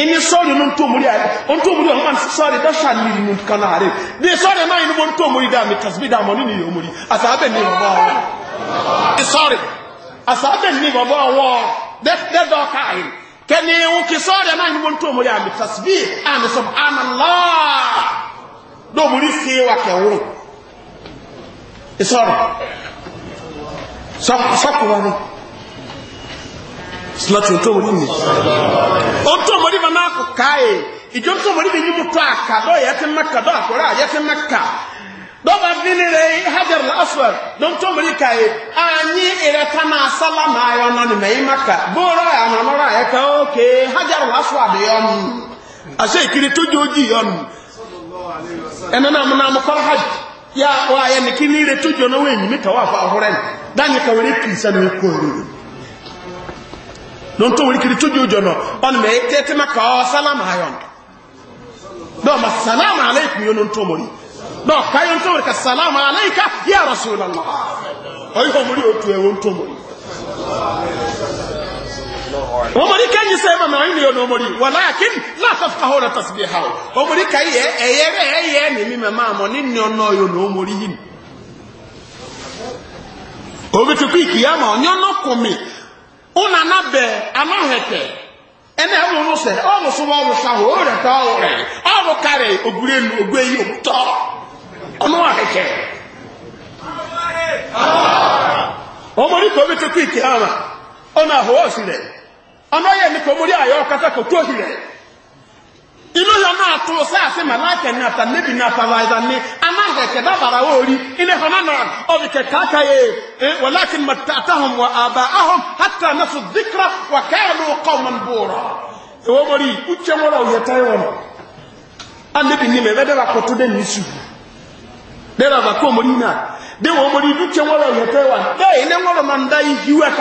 ini sɔɔri nu ntomori ayi ntomori ɔmo ani sɔɔri dasa niri nu kana are de sɔɔri maa yi ni mo ntomori daa mi kasibi daa mo ni ni yomori asa abe ni bɔbɔ awɔ isɔɔri asa abe ni bɔbɔ awɔ de silati o tó wòlí mi o tó wòlí mi náà kò káyè ìjọ tó wòlí mi yíyí tó àkà dọ́ yẹ ti mẹ́ka dọ́ àkọ́rọ́ àyẹ ti mẹ́ka dọ́ba bíní rẹ̀ hajar al-aswar dọ́n tó wòlí káyè anyi ìrẹ̀ tánà sálámà ayọ̀ nà ni mẹ́yìn mẹ́ka bóòrọ̀ àná nọ́rọ̀ àyẹ ká ókè hajar al-aswar bẹ̀ àṣẹ ìkiri tó jẹ́ ojì ẹ̀nà náà mo náà mo kọ́ hajj yà wà ayẹ nìkí ní ìrẹ̀ tó jẹ́ ọ̀nà wẹ̀yìn mi kà wà fọ àhọ́rẹ́ ni dáhìn kà kì í sẹ́nu kúrò don to wuri kiri tuju jono on me tete maka o oh, salam ayon do ma salam alaykum yo non to mori do ka yon to ka salam alayka ya rasul allah o yo mori o tu e won to mori o mori kan yi sai ma ma yin yo no mori walakin la tafqahuna tasbihahu o mori kai e e una na bɛ ama hɛtɛ ɛnna ɛwɔ no sɛ ɔmo so wɔn sa hɔ ɔmo rɛtɛ ọ rɛ ɔmo kare ogure nu ogure yi ɔmo tɔ ɔmo wɔ ọ ɔmo ni kò bi tó kú ìkè ama ɔmo ahɔ inú yọ náà tó sẹ́ àti màláìkẹ̀ ní àtà níbi ní àtàláìdá ní anáhẹ̀kẹ̀ dábàrà orí ilé ọ̀nà náà ọ̀bìkẹ̀ káàkàyè wọ̀lákin mọ̀tàtàhùn wọ àbá ahùn hátà náà fún díkra wà káàlù kọ́mọ̀n bòrò ìwọ́n mọ̀rí uche mọ́ra òye wọn a níbi ní mẹ́rẹ́ dẹ́rẹ́ dẹ́ ní dẹ́rẹ́ uche wọn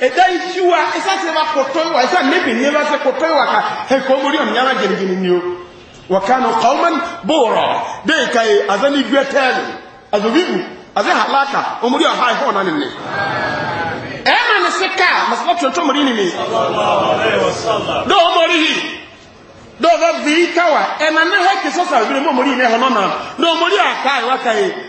ɛda isiwa ɛsɛ sɛ ba kɔtɔ yi wa ɛsɛ nebi ne ba sɛ kɔtɔ yi wa ka ɛkɔ mori ɔni yara gyinigyini ni o wɔkano kɔman dee ka ye azɛ ni gbɛ tɛɛli azɛ bibu azɛ halaka omori ɔha ɛhɔ ɔna ne ne ɛma ne se kaa masaba tuntun mori mori yi dɔw bɛ vi kawa ɛna ne hɛ kisɛ sɛ ɔbɛrɛ mo mori yi ne hɔ nɔna dɔw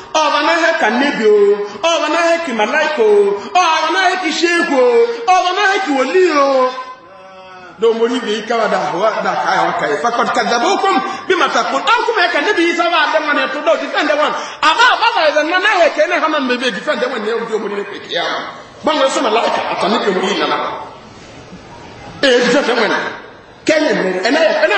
ọ̀bànáhẹ́ kà níbi o ọ̀bànáhẹ́ kì màláìkò o ọ̀bànáhẹ́ kì ṣéèkò o ọ̀bànáhẹ́ kì wòlí o lóòmórí bí i káwàdà àwọ́dà káyàwákà yìí fakọ̀d kàdàbókùn bí màtàkùn ọkùn mẹ́kà níbi yìí sábà àdẹ́wọ̀n na ẹ̀tọ́ dìfẹ́ndẹ́wọ̀n àbá àbábà na na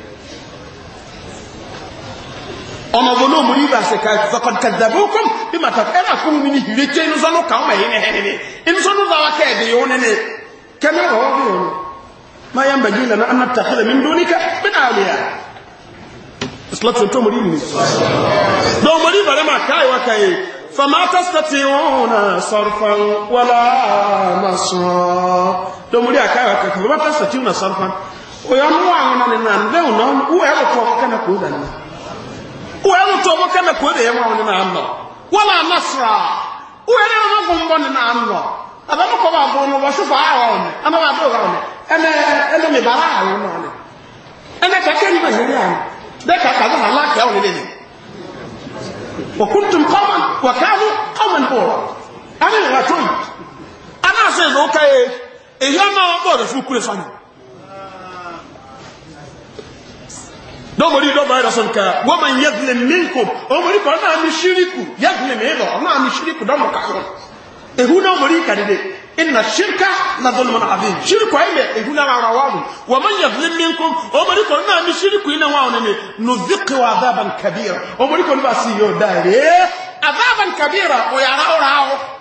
ọmọ bọ náà mo ní ìbàṣẹ ká fọkàn kàdàbọ kọm bí mà tà ẹ bá kún mi ní ìrè tẹ inú sọnù kàn mà yín ní hẹhẹ ní inú sọnù bá wa kẹ ẹ dìyẹ wọn ní kẹmẹ ọ bí wọn má yà ń bàjẹ́ ìlànà àná tàkìlẹ̀ mi ń dún níkà bí náà lè yà. ìsìlọ́tì tó mo rí nìyí. dọ̀ mo rí mà ká ìwà ká yìí fama tẹ́sítẹ́tì wọn sọ̀rọ̀fàn wọlá mà sọ̀rọ̀ dọ̀ mo wɛrɛ tɔ bɔ kɛmɛ k'o de ye ŋɔn ne n'an nɔ wala a ma fura wɛrɛ ma bɔ n bɔ ne n'an nɔ a bɛ ne kɔ b'a bɔ ne wa su fɔ a y'a wɔn a ma b'a bɔ wɔn ɛnɛ ɛnɛ mi baara a y'o nɔ ne ɛnɛ ka kɛ ni ma yɛrɛ yan bɛɛ ka ka dɔn a la kɛ o de ye wa kuntum kɔman wa kaanu kɔman bɔra ani yɛrɛ to yi ana se n'o ka ye èyí ɔmọ wọn bọ̀ ọ̀dọ̀ fún kúrẹ́fà ni. dɔwɔri dɔwɔ yɛrɛ sɔn ka wɔman yɛdile minkum ɔmɔri kɔ ɔna ami shiriku yɛdile mɛbɔ ɔna ami shiriku dɔwɔ ka yɔrɔ ehu dɔwɔri ka di ina shirika na dɔlɔ mana abi shiriku ayi ehu na ara wa mu wɔman yɛdile minkum ɔmɔri kɔ ina wa ɔne ne no zikiri wa azaban kabira kabira o yara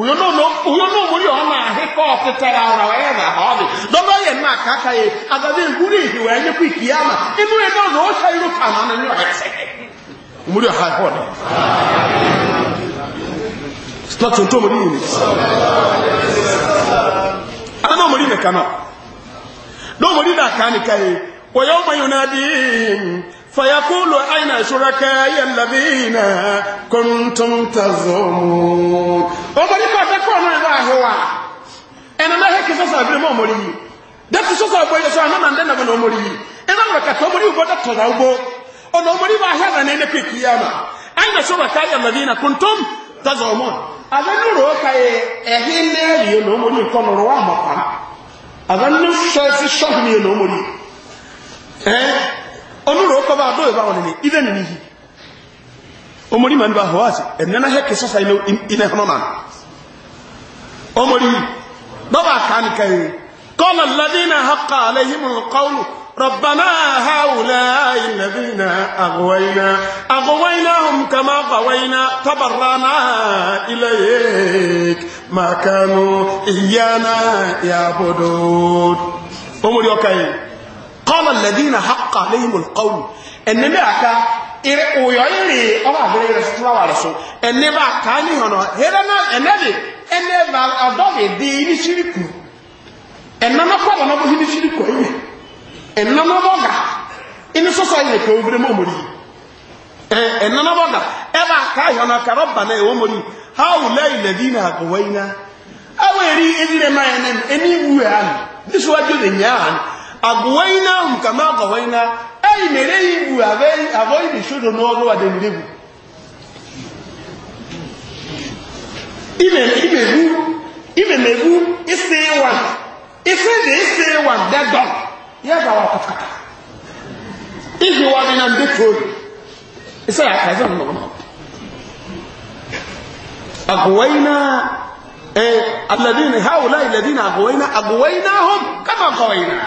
uyo no no uyo no muri ona heko tetera ora wera hali dogo ye na kaka ye agabe nguri hi we nye kwikiyama inu e no no sha iru kama na nyo hese muri ha ho ne to muri ni ana muri ne kana do muri da kanika ye wa yawma yunadihim فيقول أين شركائي الذين كنتم تزعمون أمري كنت أكون إذا هو أنا ما هيك سوسا بلما أمري ده سوسا بوي سوسا أنا نندنا من أمري أنا بكت أمري وبدا تزعمون أنا أمري ما هذا نين في كيامة أين شركائي الذين كنتم تزعمون أذن روك أهين ناري أمري كن رواه مقام أذن شايف الشهر أمري إيه onuru ọkọ bá adó ìbá wọn ni ibẹ̀ yìí omori ma nípa hùwà sí ẹ̀nà náà sọ́sà ilẹ̀ ẹ̀họ́nà náà yìí ربنا هؤلاء الذين أغوينا أغويناهم كما غوينا تبرنا إليك ما كانوا إيانا يعبدون أمر يوكاين kọ́lọ̀ lẹ́dínà haka lẹ́yìn olùkọ́wù ẹni bẹ́ẹ̀ ká òyò ìrì ọba àbẹ̀rẹ̀ rẹ̀ fúláwà rẹ̀ so ẹni bá ká ní ọ̀nà hẹ́rẹ́ náà ẹnẹ́dì ẹni bá ọdọ́gẹ̀ dé ní síríkù ẹnana kọ́lọ̀ náà bó ní síríkù ẹ̀yẹ ẹnana bọ́gà ẹni sọ́sọ́ ẹ̀yẹ kẹ́ obìnrin mọ́ mọ́rí ẹnana bọ́gà ẹ bá ká ìhọ̀nà kàrọ̀ bàná ẹ̀wọ́ mọ́rí háwù lẹ́yìn lẹ́dínà àkọ̀wẹ́ agụwaina ahụ ka ma agọwaina eyi mere ya igbu abụọ ibi shodo n'ọrụ wadenirigbu imemegbu isi ịwa isi dị isi ịwa dedọ ya gawa ọkọkọta ihi wa dị na ndị toro isi ya kazi nnọọ agụwaina eh alladina haula alladina agụwaina agụwaina hum kama agụwaina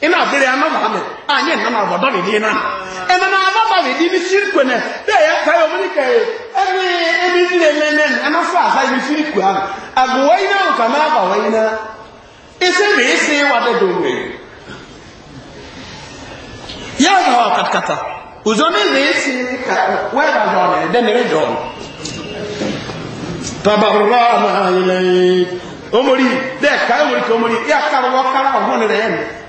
ina abiri ana ba ne anye na abodo bi dina ena na aba ba bi di bi sirku ne de ya ka yo ni kai emi emi ni ne ne ne ana fa fa bi sirku ha agwaina o na ba waina ise bi ese wa de do we ya na wa katkata ni ese ka wa ba do ne de ne do tabarrama omori de ka omori omori ya ka wa ho ne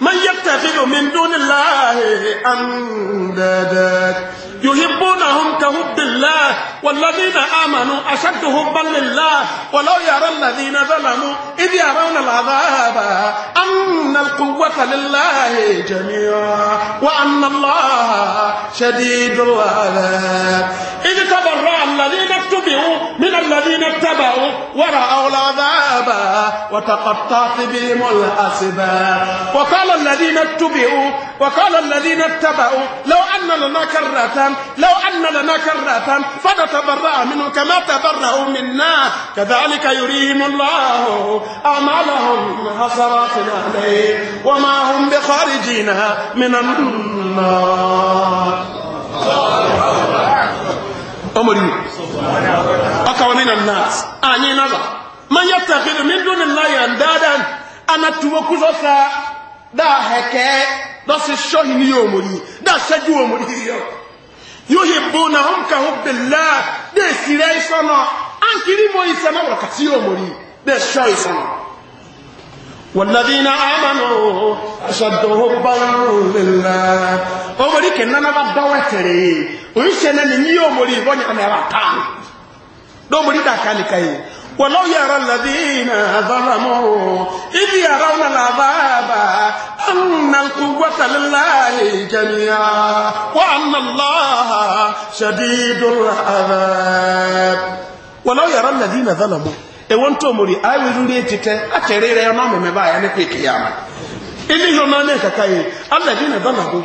من يتخذ من دون الله أندادا يحبونهم كحب الله والذين آمنوا أشد حبا لله ولو يرى الذين ظلموا إذ يرون العذاب أن القوة لله جميعا وأن الله شديد العذاب إذ تبرأ الذين اتبعوا من الذين اتبعوا ورأوا العذاب وتقطعت بهم الأسباب وقال الذين اتبعوا وقال الذين اتبعوا لو أن لنا كرة لو أن لنا كرة فنتبرأ منه كما تبرأوا منا كذلك يريهم الله أعمالهم حسرات عليه وما هم بخارجين من النار أمري أكو من الناس أني نظر من يتخذ من دون الله أندادا أنا توكوزا دا هكا دا سيشوهي يومي دا سجومري يومي yuhibbunahum ka hubbillah de sire isono ankiri mo isana wakati o mori de sho isono والذين آمنوا أشد حبا لله أمري كنا نبا دوتري ويشنا نيو مري بني أنا راكان دو مري دا كان كاي ولو يرى الذين ظلموا إذ يرون العذاب أن القوة لله جميعا وأن الله شديد العذاب ولو يرى الذين ظلموا ewon to mori ayi rure tite atere re na me me ba ya ne pe kiyama ili yo na ne kakaye alladina zalamu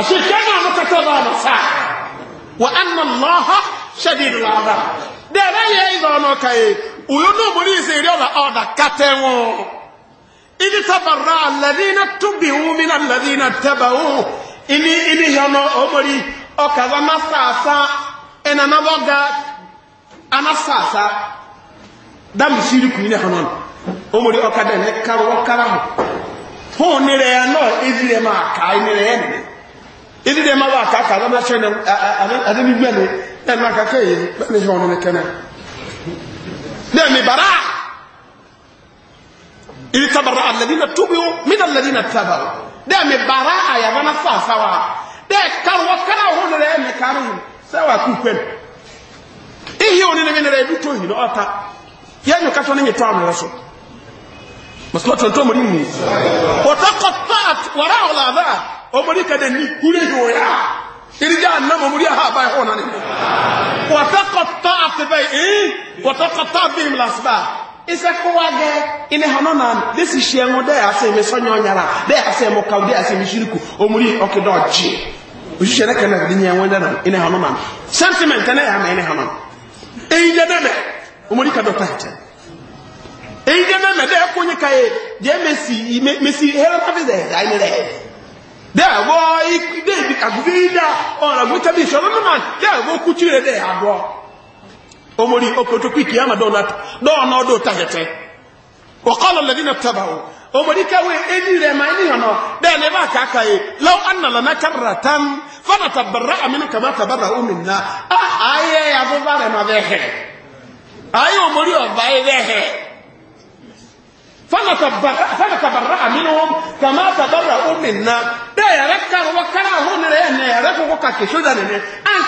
أشيء كما مكتب على ساعة وأن الله شديد العذاب ده لا يأيضا نوكي ويونو مريس يريد أودا كتمو إذ تبرع الذين تبعوا من الذين اتبعوا إني إني يونو أمري أكذا ما ساسا إن أنا بغا أنا ساسا دم شيرك من هنون أمري أكذا نكر وكرم هون نريانو إذ لما كاين نريانو ili de maba kaka da na chene ade ni gbele e ma kaka yi gbele jo ne kana de mi bara ili tabara alladina tubu min alladina tabaru de mi bara aya bana fa sawa de karwa kana ho ne mi karu sawa ku kwen ihi oni ne ne bi to hi no ata ya nyu kato ne nyeto amra so maslatu to mo ni ni wa taqatta'at wara'u al'adha omori kede ni kure yoya irija na momori ha ba ho na ni wa taqatta asbai wa taqatta bihim lasba ise ko wa ge ine hano na this is she ngo there ase me sonyo nyara there ase mo ka there ase me shiriku omori okido ji ojise na kana di nyen wenda na ine hano na sentiment na ya na ine hano eyi de de omori ka do tante eyi de de de ko nyi ka kai je mesi mesi hera ta bi de ai ne de there wọ ikpe ibi kagubi ida ọ̀nà gbẹ́tẹ́ bí ìṣọ́nà náà there wọ kúchí rẹ̀ dẹ̀ àgọ́ omori okotokwi kìí ama dọ́ọ̀nà ọdọ̀ tàgẹ̀tẹ̀ wọ́kọ́lọ̀ lẹ́dí na tẹ́bà o omori kẹwé ẹni rẹ̀ máa ní ọ̀nà bẹ́ẹ̀ ni bá kàkà yìí lọ́wọ́ anàlọ́ na kábàrà tán fọ́nà tàbàrà àmínú kàmá tàbàrà omi nà ayé abúbá rẹ̀ máa bẹ́ẹ̀ hẹ̀ ayé omori ọ̀bá yẹ bẹ́ẹ̀ hẹ̀ فما تبرأ, فما تبرأ منهم كما تبرأ منا ده يركر وكرا هون رأينا شو ده سودان أن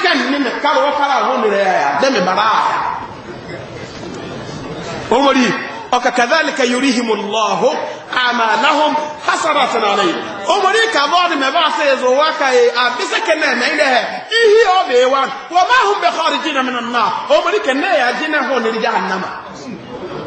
كان من كر وكرا هون رأينا دم برا أمري وكذلك يريهم الله أعمالهم حسرات عليهم أمري كبار ما بعث زواكا إيه، أبيس كنا نيله إيه أبيوان وما هم بخارجين من النار أمري كنا يجينا هون لجهنم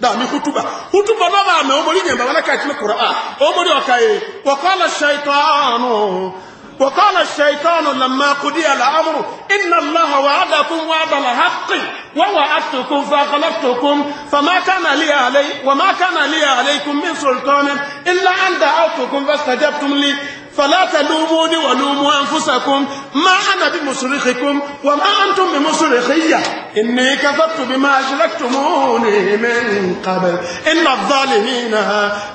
dami hutuba hutuba no ba me omori nyamba wala ka kile qur'an omori okaye wa qala shaytanu wa qala shaytanu lamma qudiya al-amru inna allaha wa'adakum wa'da al-haqqi wa wa'adtukum fa ghalabtukum fama kana li alay wa ma kana li alaykum min sultanin illa an da'awtukum fastajabtum li فلا تلوموني ولوموا أنفسكم ما أنا بمصرخكم وما أنتم بمصرخية إني كفرت بما أشركتموني من قبل إن الظالمين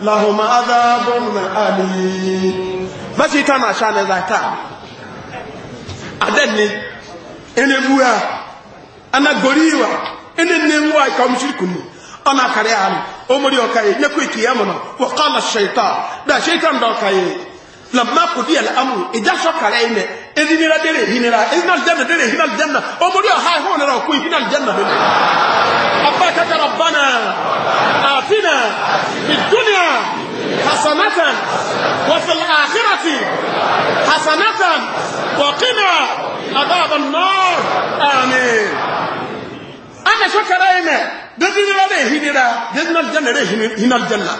لهم عذاب أليم بس كان عشان ذاك أدني إني أبويا أنا إن إني نموا كمشركني أنا كريان أمري وكاي نكوي كيامنا وقال الشيطان ده شيطان ده لما قضي الامر اذا شك علينا اذن لا دري هنا لا اذن الجنه دري هنا الجنه امر يا هاي هون راكو هنا الجنه ابا كذا ربنا اعطنا في الدنيا حسنة وفي الآخرة حسنة وقنا عذاب النار آمين أنا شكرا إنا دزنا له هنا دزنا الجنة هنا الجنة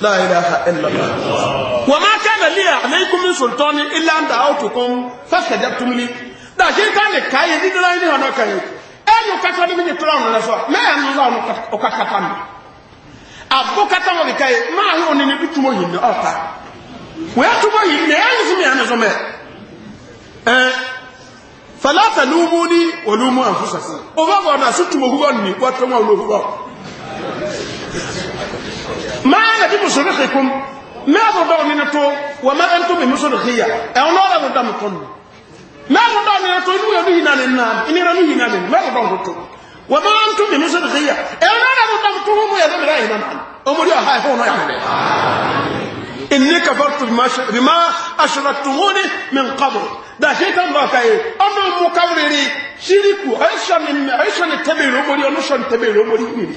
لا إله إلا الله وما كان لي عليكم من سلطان إلا أن دعوتكم فاستجبتم لي دا شيء كان كاي دي لا ني هنا كاي أي كاتا دي ني تراون لا سوا ما أن الله نو كاتا مي أبو كاتا مو كاي ما هو ني ني بتمو هين أوكا ويا تمو هين يا نسمي أنا زما فلا تلوموني ولوموا أنفسكم أبو أنا سوتمو هو ني واتمو هو ما أنا دي مصرخكم ما أبدا من تو وما أنتم بمصرخية أو ما أبدا من تو ما أبدا من تو إنه يبيه نال إني إنه يبيه نال ما أبدا من تو وما أنتم بمصرخية أو ما أبدا من تو هم يدم رأينا يا هاي أهاي هون يعني إني كفرت بما أشرتموني من قبل ده شيء ba كأي yi ọmọ mukawiri عيشا من عيشا tebe romori ọlọsọ ni tebe romori iri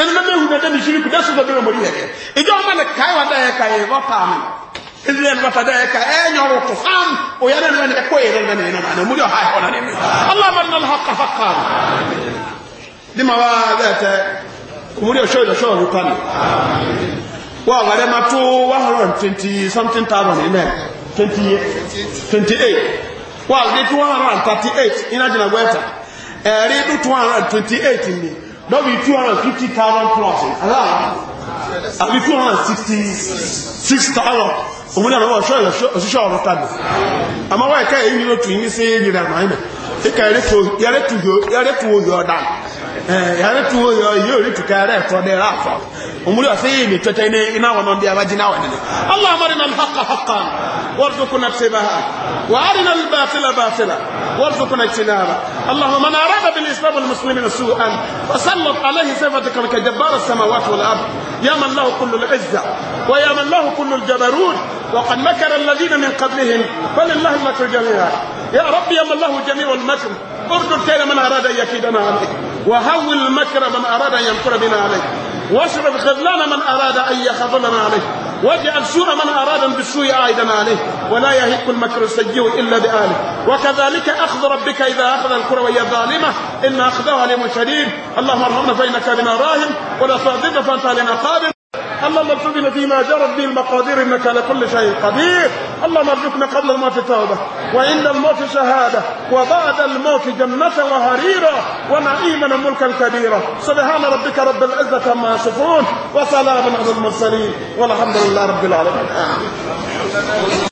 ɛnu mɛ mehu dɛdɛ mi siri ku dɛsɛ dɔ bi wɔ mɔri yɛrɛ ìjọ ɔmɔ ni one hundred twenty something thousand in there twenty twenty eight wa ɔga two hundred thirty eight in ajina wɛta ɛɛri do two hundred twenty eight in there. Don't be 250,000 plus. I'll be 266,000. Òmúdí àwọn ọ̀ṣọ́ ọ̀rọ̀ tàbí. Àmọ́ wọ́n ẹ̀kẹ́ èyí ni ó tù yí ní sí ìrìnà ìmẹ̀. Ìkà tù yọ ọ̀dá. yàrá tu wo yọ yóò rí tuka rẹ kọ dẹ rafa omuli wa sẹyìn mi tẹtẹ iná iná wọn nọ ndí abajina wọn nínú allah amadu na haka haka wàllu kuna tibaha wàhálì na baatila baatila wàllu kuna tinaba allah man arada bil islam wal muslimin su'an wasallam alayhi sifatu kan kajabbara samawati wal ard ya man lahu kullu al izza wa ya man lahu kullu al jabarut وقد مكر الذين من قبلهم فلله المكر جميعا يا رب يا من له جميع المكر اردد كيل من اراد ان يكيدنا عليه وهول المكر من اراد ان يمكر بنا عليه واشرب خذلان من اراد ان يخذلنا عليه واجعل سوء من أراد بالسوء عائدا عليه ولا يهيك المكر السجي إلا بآله وكذلك أخذ ربك إذا أخذ الكرة وهي ظالمة إن أخذها لمن شديد اللهم ارحمنا فإنك بنا راهم ولا تعذبنا فأنت لنا قادر اللهم ارزقنا فيما جرت به المقادير انك على كل شيء قدير اللهم ارزقنا قبل الموت توبه وان الموت شهاده وبعد الموت جنه وهريرا ونعيما ملكا كبيرا سبحان ربك رب العزه عما يصفون وسلام على المرسلين والحمد لله رب العالمين آمين.